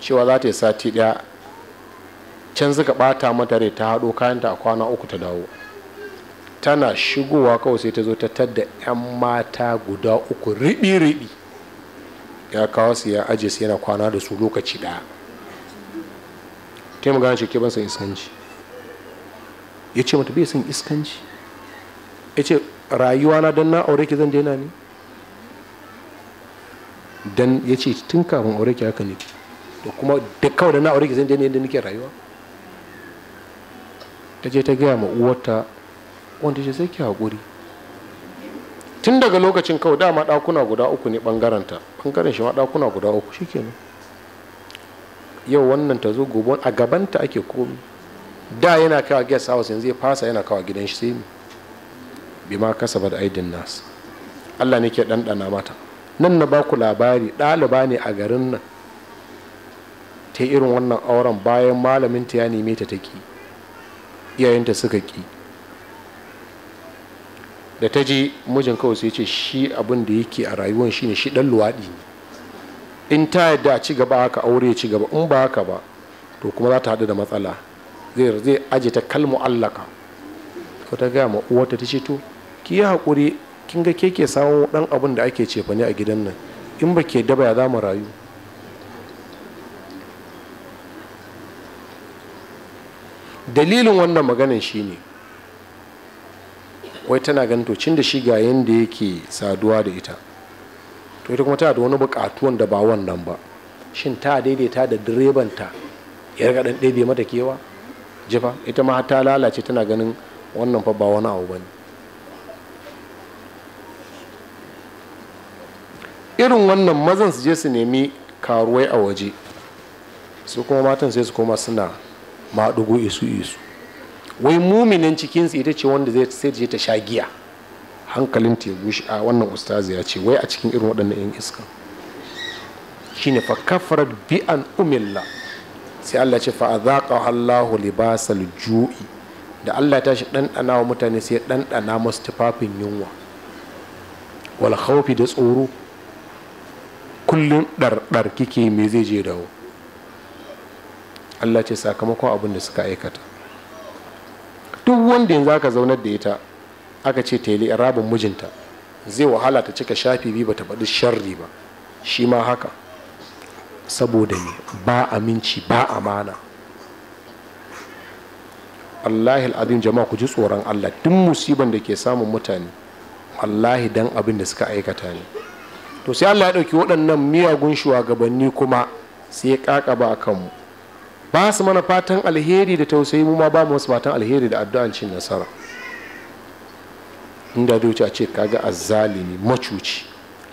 cewa za ta yi sati ɗaya. can suka bata mata rai ta hado kayanta a kwana uku ta dawo tana shigowa kawai sai ta zo ta tadda 'yan mata guda uku riɓi-riɓi ya kawo su ya aje su yana kwana da su lokaci ɗaya ta yi magana ce ke ban san iskanci ya ce mata bai san iskanci ya ce rayuwa na don na aure ki zan daina ne dan ya ce tun kafin aure ki haka ne da kuma da kawai da na aure ki zan daina yadda nake rayuwa ta je ta gaya ma uwarta wanda ce sai ki haƙuri tun daga lokacin kawai dama ɗakuna guda uku ne ɓangaranta ɓangaren shi ma ɗakuna guda uku shi kenan yau wannan ta zo gobon a gabanta ake komi da yana kawo guest house yanzu ya fasa yana kawo gidan shi sai bi ma kasa ba da aidin nas Allah ne ke ɗanɗana mata nan na baku labari ɗaliba ne a garin nan ta irin wannan auren bayan malamin ta ya neme ta take iyayenta suka ƙi da ta je mijin kawai sai ce shi abin da yake a rayuwar shine shi dan luwaɗi ne in ta yadda a ci gaba haka aure ya ci gaba in ba haka ba to kuma za ta haɗu da matsala zai zai aje ta kalmu allaka ko ta gaya ma uwarta ta ce to ki yi haƙuri kin ga ke ke samun ɗan abin da ake cefane a gidan nan in ba ke daba ya za mu rayu dalilin wannan shi ne wai tana ganin to cin da shi ga yadda yake saduwa da ita to ita kuma tana da wani bukatuwan da ba wannan ba shin ta daidaita da direbanta ya riga dan ɗebe mata kewa jifa ita ma ta lalace tana ganin wannan fa ba wani abu bane irin wannan mazan su je su nemi karuwai a waje su kuma matan sai su koma suna ma isu isu wai muminin cikinsu ita ce wanda zai sai je ta sha giya hankalin ta shi a wannan ustazi ya ce wai a cikin irin waɗannan yan iska shine fa kafara bi an umilla sai Allah ce fa azaqa Allahu libasal ju'i da Allah ta shi ɗanɗana wa mutane sai ɗanɗana masu tufafin yunwa wal khawfi da tsoro kullum ɗarɗar kike me zai je dawo Allah ce sakamakon abin da suka aikata duk wanda yanzu aka zaunar da ita aka ce ta yi rabin mijinta zai wahala ta cika shafi biyu ta faɗi sharri ba shi ma haka saboda ne ba aminci ba amana Allah al'adun jama'a ku ji tsoron Allah duk musiban da ke samun mutane wallahi dan abin da suka aikata ne to sai Allah ya ɗauki waɗannan miyagun shugabanni kuma sai ya ba a kanmu ba su mana fatan alheri da tausayi mu ma ba mu wasu fatan alheri da addu'an cin nasara inda zai wuce a ce kaga azzalimi macuci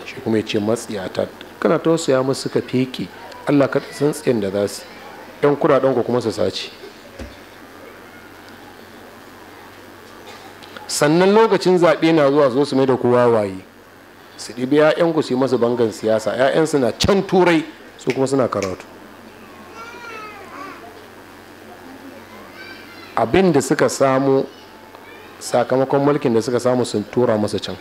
shi kuma ya ce matsiyata kana tausaya musu suka feke allah ka san tsayin da za su yan kudaden ku kuma su sace sannan lokacin zaɓe na zuwa zo su mai da kowa waye su ɗibi 'ya'yanku su yi masu bangan siyasa 'ya'yansu na can turai su kuma suna karatu abin da suka samu sakamakon mulkin da suka samu sun tura masa can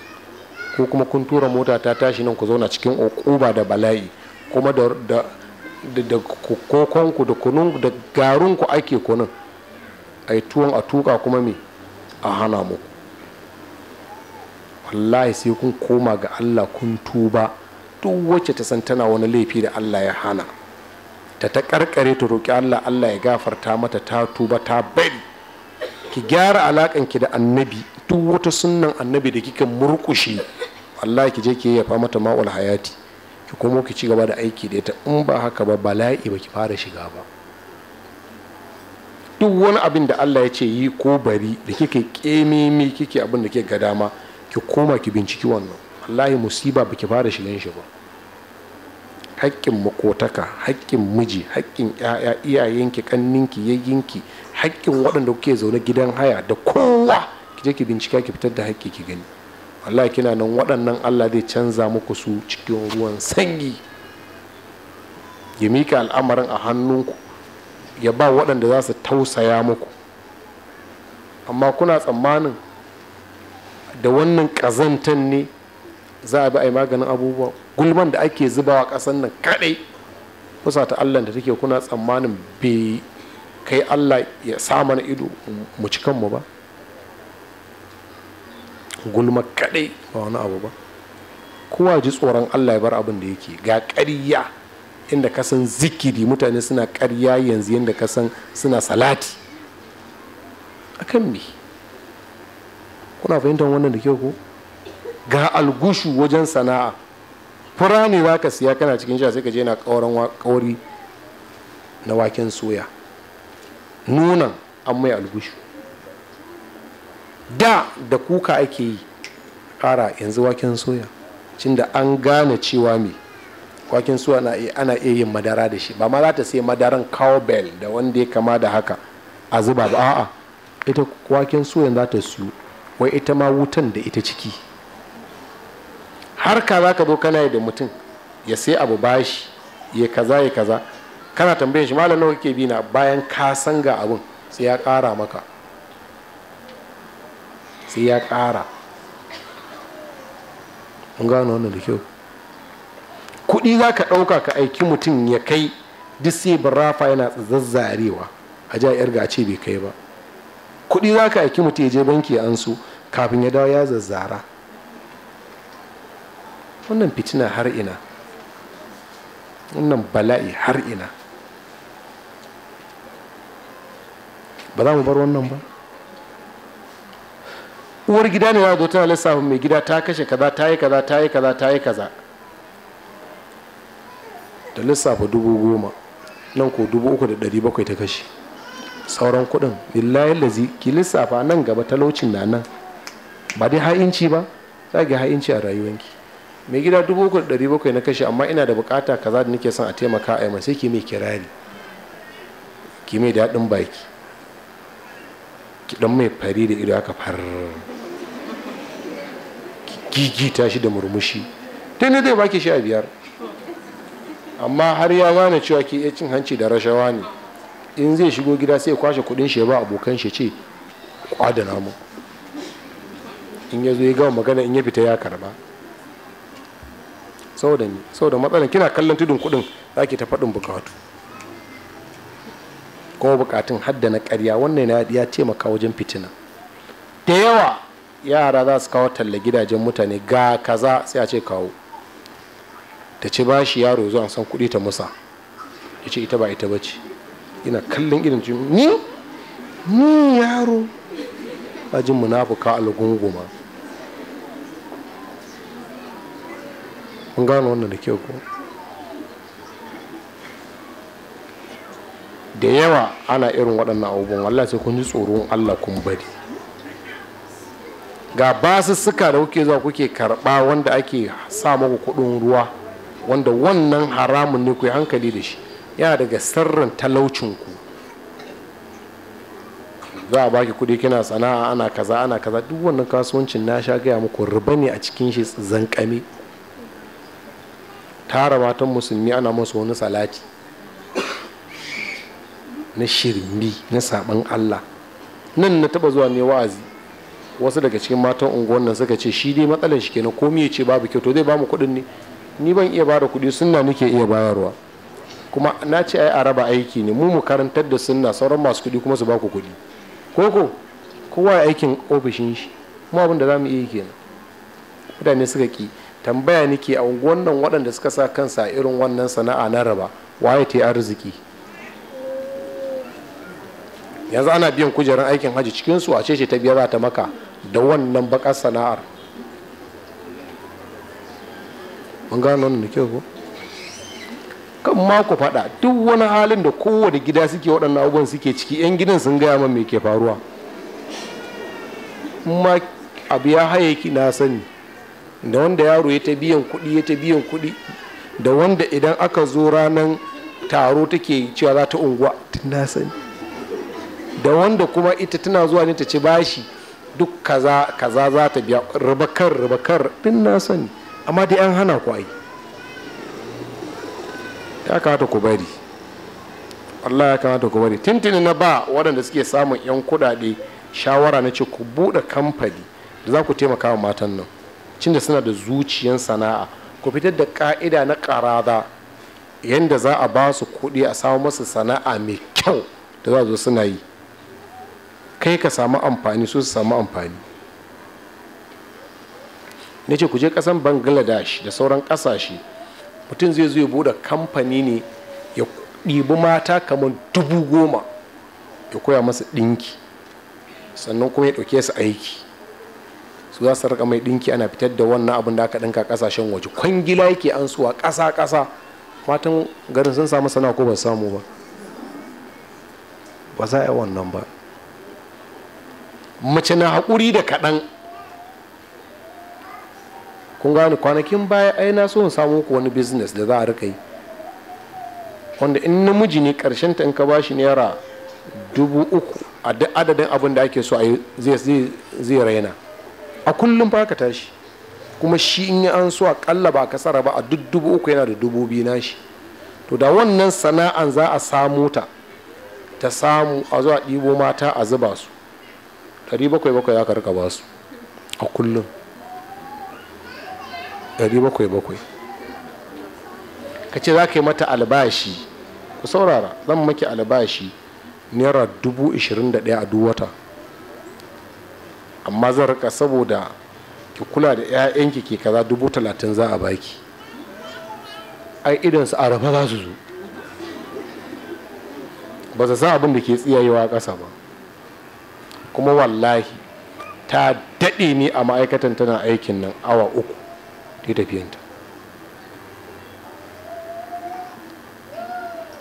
ko kuma kun tura mota ta tashi nan ku zauna cikin ukuba da bala'i kuma da da kokonku da kunun da garunku ake kunun yi tuwon a tuka kuma me a hana mu wallahi sai kun koma ga Allah kun tuba duk wacce ta san tana wani laifi da Allah ya hana ta ta karkare ta roƙi Allah Allah ya gafarta mata ta tuba ta bari ki gyara alakan ki da annabi duk wata sunnan annabi da kika murkushe Allah ki je ki yafa mata ma'ul hayati ki komo ki ci gaba da aiki da ita in ba haka ba bala'i ba ki fara shiga ba duk wani abin da Allah ya ce yi ko bari da kika kememi kike abin da kike ga dama ki koma ki binciki wannan wallahi musiba ba ki fara shigan shi ba haƙƙin makotaka haƙƙin miji haƙƙin yaya iyayenki kanninki yayyinki haƙƙin waɗanda kuke zaune gidan haya da kowa ki je ki bincika ki fitar da hakki ki gani wallahi kina nan waɗannan Allah zai canza muku su cikin ruwan sanyi ya mika al'amarin a hannunku ya ba waɗanda za su tausaya muku amma kuna tsammanin da wannan ƙazantan ne za a bi a yi maganin abubuwa gulman da ake zubawa kasan nan kadai kusa ta allah da take kuna tsammanin bai kai allah ya sa mana ido mu ci kanmu ba gulma kadai ba wani abu ba kowa ji tsoron allah ya bar abin da yake ga ƙarya inda kasan zikiri mutane suna ƙarya yanzu yadda kasan suna salati akan me kuna fahimtar wannan da kyau ko ga algushu wajen sana'a fura ne za ka siya kana cikin sha sai ka je na kauran kauri na waken soya nunan an mai algushu da da kuka ake yi kara yanzu waken soya cin da an gane cewa me waken soya ana iya yin madara da shi ba ma za ta sai madaran cowbell da wanda ya kama da haka a zuba ba a'a ita waken soya za ta siyo wai ita ma wutan da ita ciki har ka za ka zo kana yi da mutum ya sai abu bashi ya kaza ya kaza kana tambayin shi malam nawa kake bi na bayan ka san ga abun sai ya ƙara maka sai ya ƙara mun gano wannan da kyau kuɗi za ka ɗauka ka aiki mutum ya kai duk sai barafa yana zazzarewa a ja yar gace bai kai ba kuɗi za ka aiki mutum ya je banki an su kafin ya dawo ya zazzara wannan fitina har ina wannan bala'i har ina ba za mu bar wannan ba uwar gida ne ya zo tana lissafin mai gida ta kashe kaza ta yi kaza ta yi kaza ta yi kaza da lissafa dubu goma nan ko dubu uku da ɗari bakwai ta kashe sauran kuɗin billahi lazi ki lissafa nan gaba talaucin na nan ba dai ha'inci ba za ki ha'inci a rayuwanki mai gida dubu ɗari bakwai na kashe amma ina da bukata kaza da nake son a taimaka a yamma sai ki mai kirari ki mai daɗin baki ki dan mai fari da ido haka far gigita shi da murmushi ta da zai baki sha biyar amma har ya gane cewa ke iya cin hanci da rashawa ne in zai shigo gida sai kwashe kudin shi ya ba abokan shi ce kwadana namu in ya zo ya gama magana in ya fita ya karba saboda ni saboda matsalan kina kallon tudun kudin za ki ta faɗin bukatu kuma bukatun hadda na ƙarya wannan ya taimaka wajen fitina da yawa yara za su kawo talla gidajen mutane ga kaza sai a ce kawo ta ci bashi yaro zuwa san kuɗi ta musa ya ce ita ba ita ba ce ina kallon irin ni ni yaro a jin munafuka algunguma mun gano wannan da kyau da yawa ana irin waɗannan abubuwan Allah sai kun ji tsoron Allah kun bari ga basussuka da kuke zuwa kuke karɓa wanda ake sa muku kuɗin ruwa wanda wannan haramun ne ku yi hankali da shi yana daga sirrin talaucinku za a baki kuɗi kina sana'a ana kaza ana kaza duk wannan kasuwancin na sha gaya muku riba ne a cikin shi zankame tara matan musulmi ana masu wani salati na shirmi na saban allah nan na taba zuwa ne wa'azi wasu daga cikin matan unguwan nan suka ce shi dai matsalar shi kenan komi ya ce babu kyau to zai bamu kuɗin ne ni ban iya bada kuɗi sunna nake iya bayarwa kuma na ce ai a raba aiki ne mu mu karantar da sunna sauran masu kuɗi kuma su ba ku kuɗi koko kowa aikin ofishin shi mu abin da za mu iya kenan mutane suka ki tambaya nike a wannan waɗanda suka sa kansa a irin wannan sana'a na raba waye ta arziki yanzu ana biyan kujerar aikin hajji cikinsu a ce ta biya za ta maka da wannan bakar sana'ar mun gano da kyau ko kan ma ku faɗa duk wani halin da kowane gida suke waɗannan abubuwan suke ciki 'yan gidan sun gaya min me ke faruwa ma abu ya hayaki na sani da wanda yaro ya ta biyan kuɗi ya ta biyan kuɗi da wanda idan aka zo ranar taro take cewa za ta unguwa na sani da wanda kuma ita tana zuwa ne ta ci bashi duk kaza kaza za ta biya rubakar rubakar din na sani amma dai an hana ku ya kamata ku bari Allah ya kamata ku bari tintini na ba waɗanda suke samun 'yan kuɗaɗe shawara na ce ku buɗe kamfani da za ku taimaka wa matan nan cinda suna da zuciyan sana'a ku fitar da ka'ida na karaza yadda za a ba su kuɗi a samu masu sana'a mai kyau da za zo suna yi kai ka samu amfani su su samu amfani na ce ku je ƙasan bangladesh da sauran ƙasashe mutum zai zo ya bude kamfani ne ya ɗibi mata kamar dubu goma ya koya masa ɗinki sannan kuma ya ɗauke su aiki su za su rika mai dinki ana fitar da wannan abin da aka dinka kasashen waje kwangila yake an suwa kasa kasa fatan garin sun samu sana ko ba samu ba ba za a yi wannan ba mace na haƙuri da kaɗan kun gane kwanakin baya ai na so samu ku wani business da za a rika yi wanda in namiji ne karshen ta in ka shi naira dubu uku a adadin abin da ake so a yi zai raina a kullum fa ka tashi kuma shi in yi an so kalla ba tsara ba a duk dubu uku yana da dubu biyu na shi. to da wannan sana'an za a samu ta ta samu a zuwa ɗibo mata a zuba su ɗari bakwai bakwai ka rika ba su a kullum ɗari bakwai bakwai ka ce za ka yi mata albashi ku saurara zan maki albashi naira dubu ishirin da ɗaya a duk wata amma zan rika saboda ki kula da 'ya'yanki ke kaza dubu talatin za a baki ai idan su araba za su zo ba su san abin da ke tsiyayewa ƙasa ba kuma wallahi ta daɗe ni a ma'aikatan tana aikin nan awa uku ta tafiyanta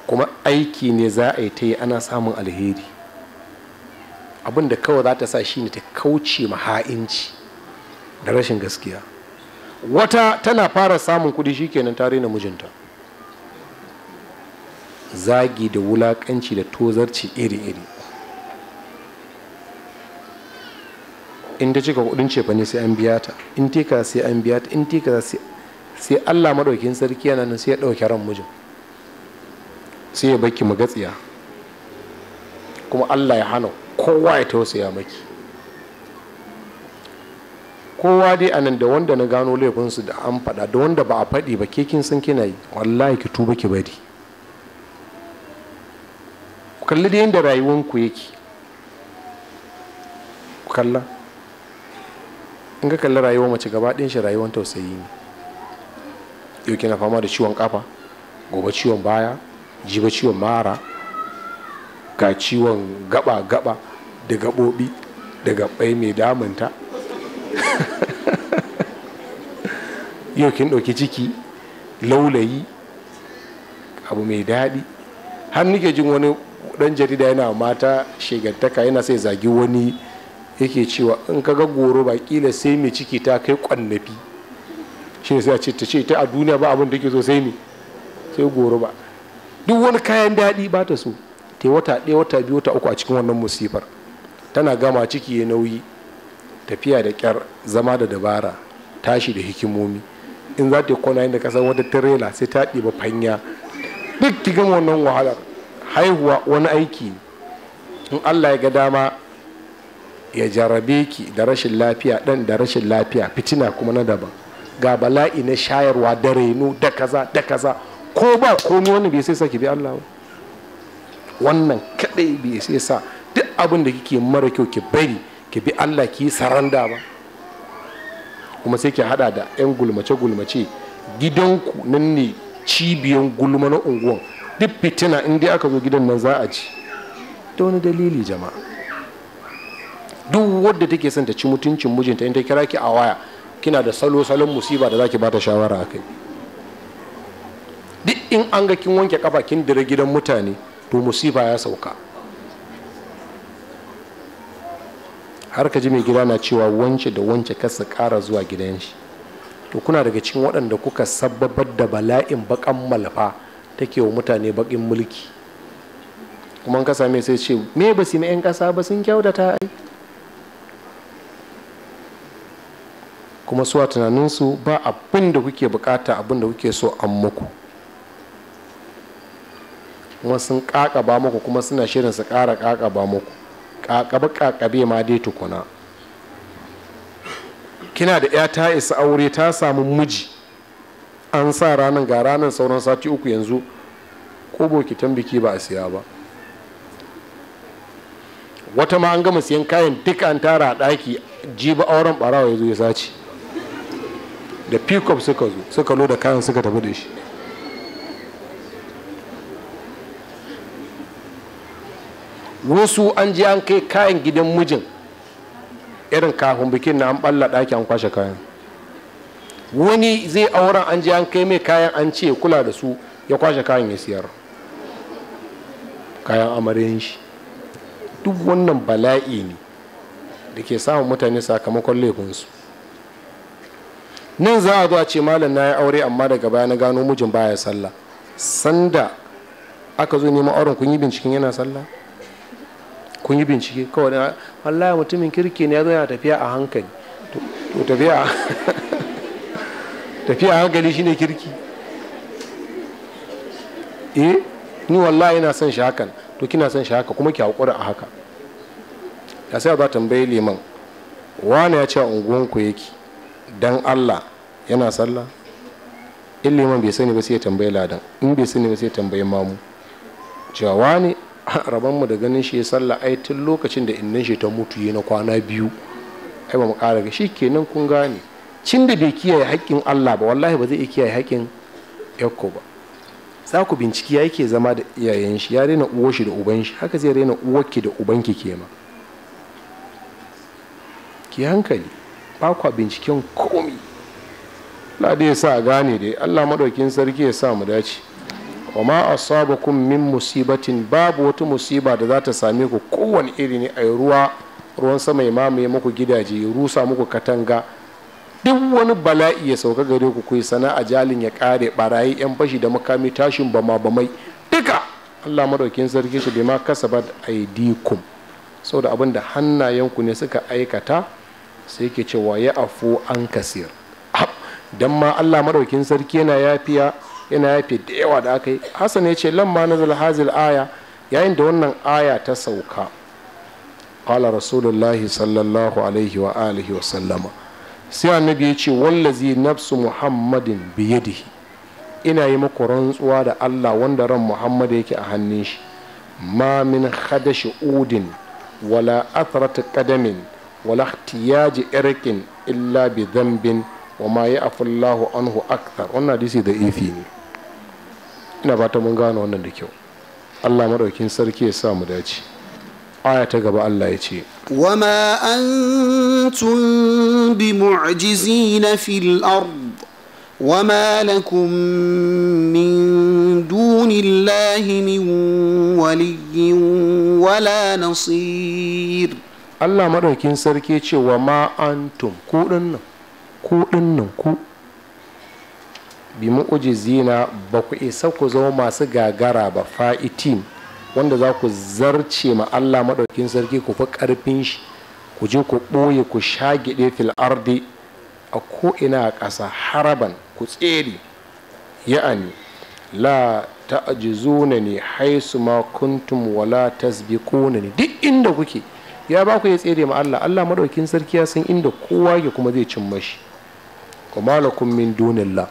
kuma aiki ne za a yi ta yi ana samun alheri abin da kawai za ta sa shine ta kauce ma ha'inci da rashin gaskiya wata tana fara samun kudi kenan ta raina mijinta zagi da wulakanci da tozarci iri-iri in ta cika kudin cefane sai an biya ta in tika sai an biya ta in tika sai allah maɗaukin sarki yana nan sai ya ɗauki ran mijin sai ya baki magatsiya kuma allah ya hana kowa ya tausaya maki kowa dai a nan da wanda na gano laifinsu da an faɗa da wanda ba a faɗi ba ke kin san kina yi wallahi ki tuba ki bari ku kalli da yadda rayuwanku yake ku kalla in ka kalli rayuwar mace gaba ɗin shi rayuwar tausayi ne yau kina fama da ciwon kafa gobe ciwon baya jiba ciwon mara ga ciwon gaba gaba da gaɓoɓi da gaɓɓai mai damunta yau kin ɗauki ciki laulayi abu mai daɗi har nike jin wani ɗan jarida yana mata shigantaka yana sai zagi wani yake cewa in ka ga goro ba kila sai mai ciki ta kai kwannafi shi ne sai a ce ta ce ta a duniya ba abin da ke so sai ne sai goro ba duk wani kayan daɗi ba ta so ta wata ɗaya wata biyu wata uku a cikin wannan musifar tana gama ciki ya nauyi tafiya da kyar zama da dabara tashi da hikimomi in za ta kona inda kasar wata tirela sai ta ɗiba fanya duk ki gama wannan wahalar haihuwa wani aiki in allah ya ga dama ya jarabe ki da rashin lafiya ɗan da rashin lafiya fitina kuma na daban ga bala'i na shayarwa da reno da kaza da kaza ko ba komi wani bai sai sa ki bi allah wannan kadai bai sai sa duk abin da kike mara kyau ki bari ki bi Allah ki saranda ba kuma sai ki hada da yan gulmace gulmace gidanku nan ne cibiyan gulma na unguwan duk fitina in dai aka zo gidan nan za a ci da wani dalili jama'a duk wadda take son ta ci mutuncin mijinta in ta kira ki a waya kina da salo salon musiba da zaki bata shawara akai duk in an ga kin wanke kafa kin dire gidan mutane to musiba ya sauka har ka ji mai gida na cewa wance da wance kasa kara zuwa gidan shi to kuna daga cikin waɗanda kuka sababar da bala'in bakan malafa take wa mutane bakin mulki kuma ka same sai ce me ba su na 'yan ƙasa ba sun kyautata ai kuma suwa tunaninsu ba abin da kuke bukata abin da kuke so an muku kuma sun ba muku kuma suna shirin su ƙara ba muku kakabe ƙaƙabe ma dai tukuna kina da ya ta isa aure ta samu miji an sa ranar ga ranar sauran sati uku yanzu ko bokitan biki ba a siya ba wata ma an gama siyan kayan duk an tara a ɗaki jiba auren ɓarawa ya zo ya sace da pickup suka zo suka lo da kayan suka tafi da shi wasu an ji an kai kayan gidan mijin irin kafin bikin na an balla ɗaki an kwashe kayan wani zai auren an ji an kai mai kayan an ce kula da su ya kwashe kayan ya siyar kayan amaryan shi duk wannan bala'i ne da ke samun mutane sakamakon laifinsu nan za a zo ce malam na ya aure amma daga baya na gano mijin baya sallah sanda aka zo neman auren kun yi binciken yana sallah kun yi bincike kawai da wallahi mutumin kirki ne ya zo yana tafiya a hankali to tafiya tafiya a hankali shine kirki eh ni wallahi ina son shi hakan to kina son shi haka kuma ki hakura a haka ya sai ba tambayi liman wani ya ce unguwanku yake dan Allah yana sallah in liman bai sani ba sai ya tambayi ladan in bai sani ba sai ya tambayi mamu cewa wani mu da ganin shi ya salla, ai tun lokacin da innan shi ta mutu na kwana biyu ai ba mu kara ga shi kenan kun gane cin da bai kiyaye haƙƙin Allah ba wallahi ba zai iya kiyaye haƙƙin yakko ba za ku binciki ya yake zama da iyayen shi ya rena uwar shi da uban shi haka zai rena uwarki da ubanki kenan ki hankali ba kwa binciken komi Allah dai ya sa gane dai Allah madaukin sarki ya sa mu dace wa ma asabakum min musibatin babu wata musiba da za ta same ku kowane iri ne a ruwa ruwan sama ya mamaye muku gidaje ya rusa muku katanga duk wani bala'i ya sauka gare ku kuyi sana'a jalin ya kare barayi yan fashi da makami tashin bama bamai duka Allah madaukin sarki shi bima kasabat aidikum saboda abin da hannayenku ne suka aikata sai ke cewa ya afu an kasir dan ma Allah madaukin sarki yana yafiya yana yafi da yawa da aka yi hassan ya ce lamma nazal hazil aya yayin da wannan aya ta sauka kala rasulullahi sallallahu alaihi wa alihi wa sallama sai annabi ya ce wallazi nafsu muhammadin biyadihi ina yi muku rantsuwa da Allah wanda ran Muhammad yake a hannun shi ma min khadashi udin wala atrat qadamin wala ihtiyaji irqin illa bi dhanbin wa ma ya'fu allah anhu akthar wannan hadisi da ifi ne ina fata mun gane wannan da kyau allah maɗaukin sarki ya sa mu dace aya ta gaba allah ya ce wama antum bi mu'jizina fil ard وما لكم من دون الله من ولي wala nasir allah maɗaukin sarki ce wa ma antum ku kuɗin ku ku bi zina, ba ku isa ku zama masu gagara ba fa'itin wanda za ku zarce ma Allah maɗaukin sarki ku fi ƙarfin shi ku je ku ɓoye ku shagiɗe fil ardi a ko'ina a ƙasa haraban ku tsere ya'ani la ta'jizuna ne haisu ma kuntum wala tasbiquna ne duk inda kuke ya ba ku ya tsere ma Allah Allah maɗaukin sarki ya san inda kowa ya kuma zai cin mashi kuma lakum min dunillah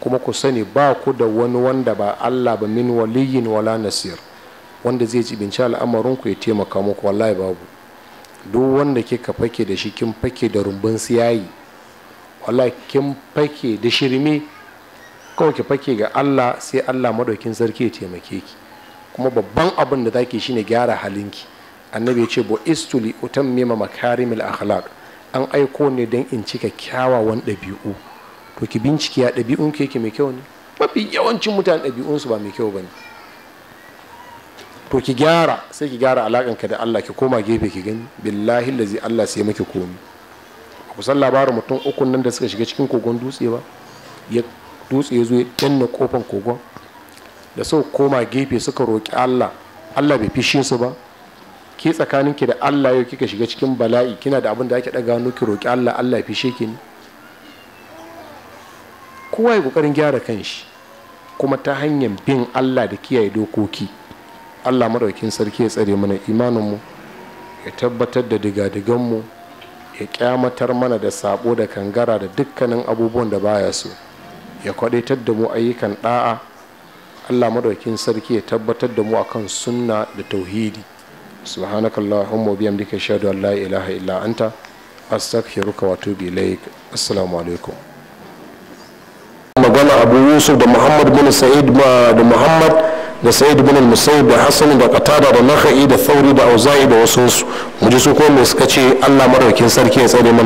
kuma ku sani ba ku da wani wanda ba Allah ba min waliyin wala nasir wanda zai binci al'amarin ku ya taimaka muku wallahi babu duk wanda kika fake da shi kin fake da rumbun siyayi wallahi kin fake da shirme kawai ki fake ga Allah sai Allah madaukin sarki ya taimake ki kuma babban abin da zaki shine gyara halin ki, annabi ya ce bo istuli utammima makarimil akhlaq an aiko ne don in cika kyawawan ɗabi'u to ki bincike ya ɗabi'un ke ke mai kyau ne mafi yawancin mutane ɗabi'unsu ba mai kyau ba ne to ki gyara sai ki gyara alaƙanka da Allah ki koma gefe ki gani billahi lazi Allah sai maki komi ku san labarin mutum ukun nan da suka shiga cikin kogon dutse ba ya dutse ya zo ya danna kofan kogon da sau koma gefe suka roƙi Allah Allah bai fishe su ba ke tsakaninki da Allah yau kika shiga cikin bala'i kina da abin da ake ɗaga hannu ki roƙi Allah Allah ya fishe ki ne kowa ya kokarin gyara kan shi kuma ta hanyar bin Allah da kiyaye dokoki Allah maɗaukin sarki ya tsare mana imaninmu ya tabbatar da digadiganmu ya kyamatar mana da sabo da kangara da dukkanin abubuwan da baya so ya kwadaitar da mu ayyukan da'a Allah maɗaukin sarki ya tabbatar da mu akan sunna da tauhidi subhanakallahumma bihamdika ilaha astaghfiruka wa atubu ilaik assalamu alaikum bana abu yusuf da muhammad bin sa'id da muhammad da sa'id bin musayyib da hassan da qatada da naha'i da sauri da auza'i da wasu mu ji su ko me suka ce Allah madaukin sarki ya tsare mana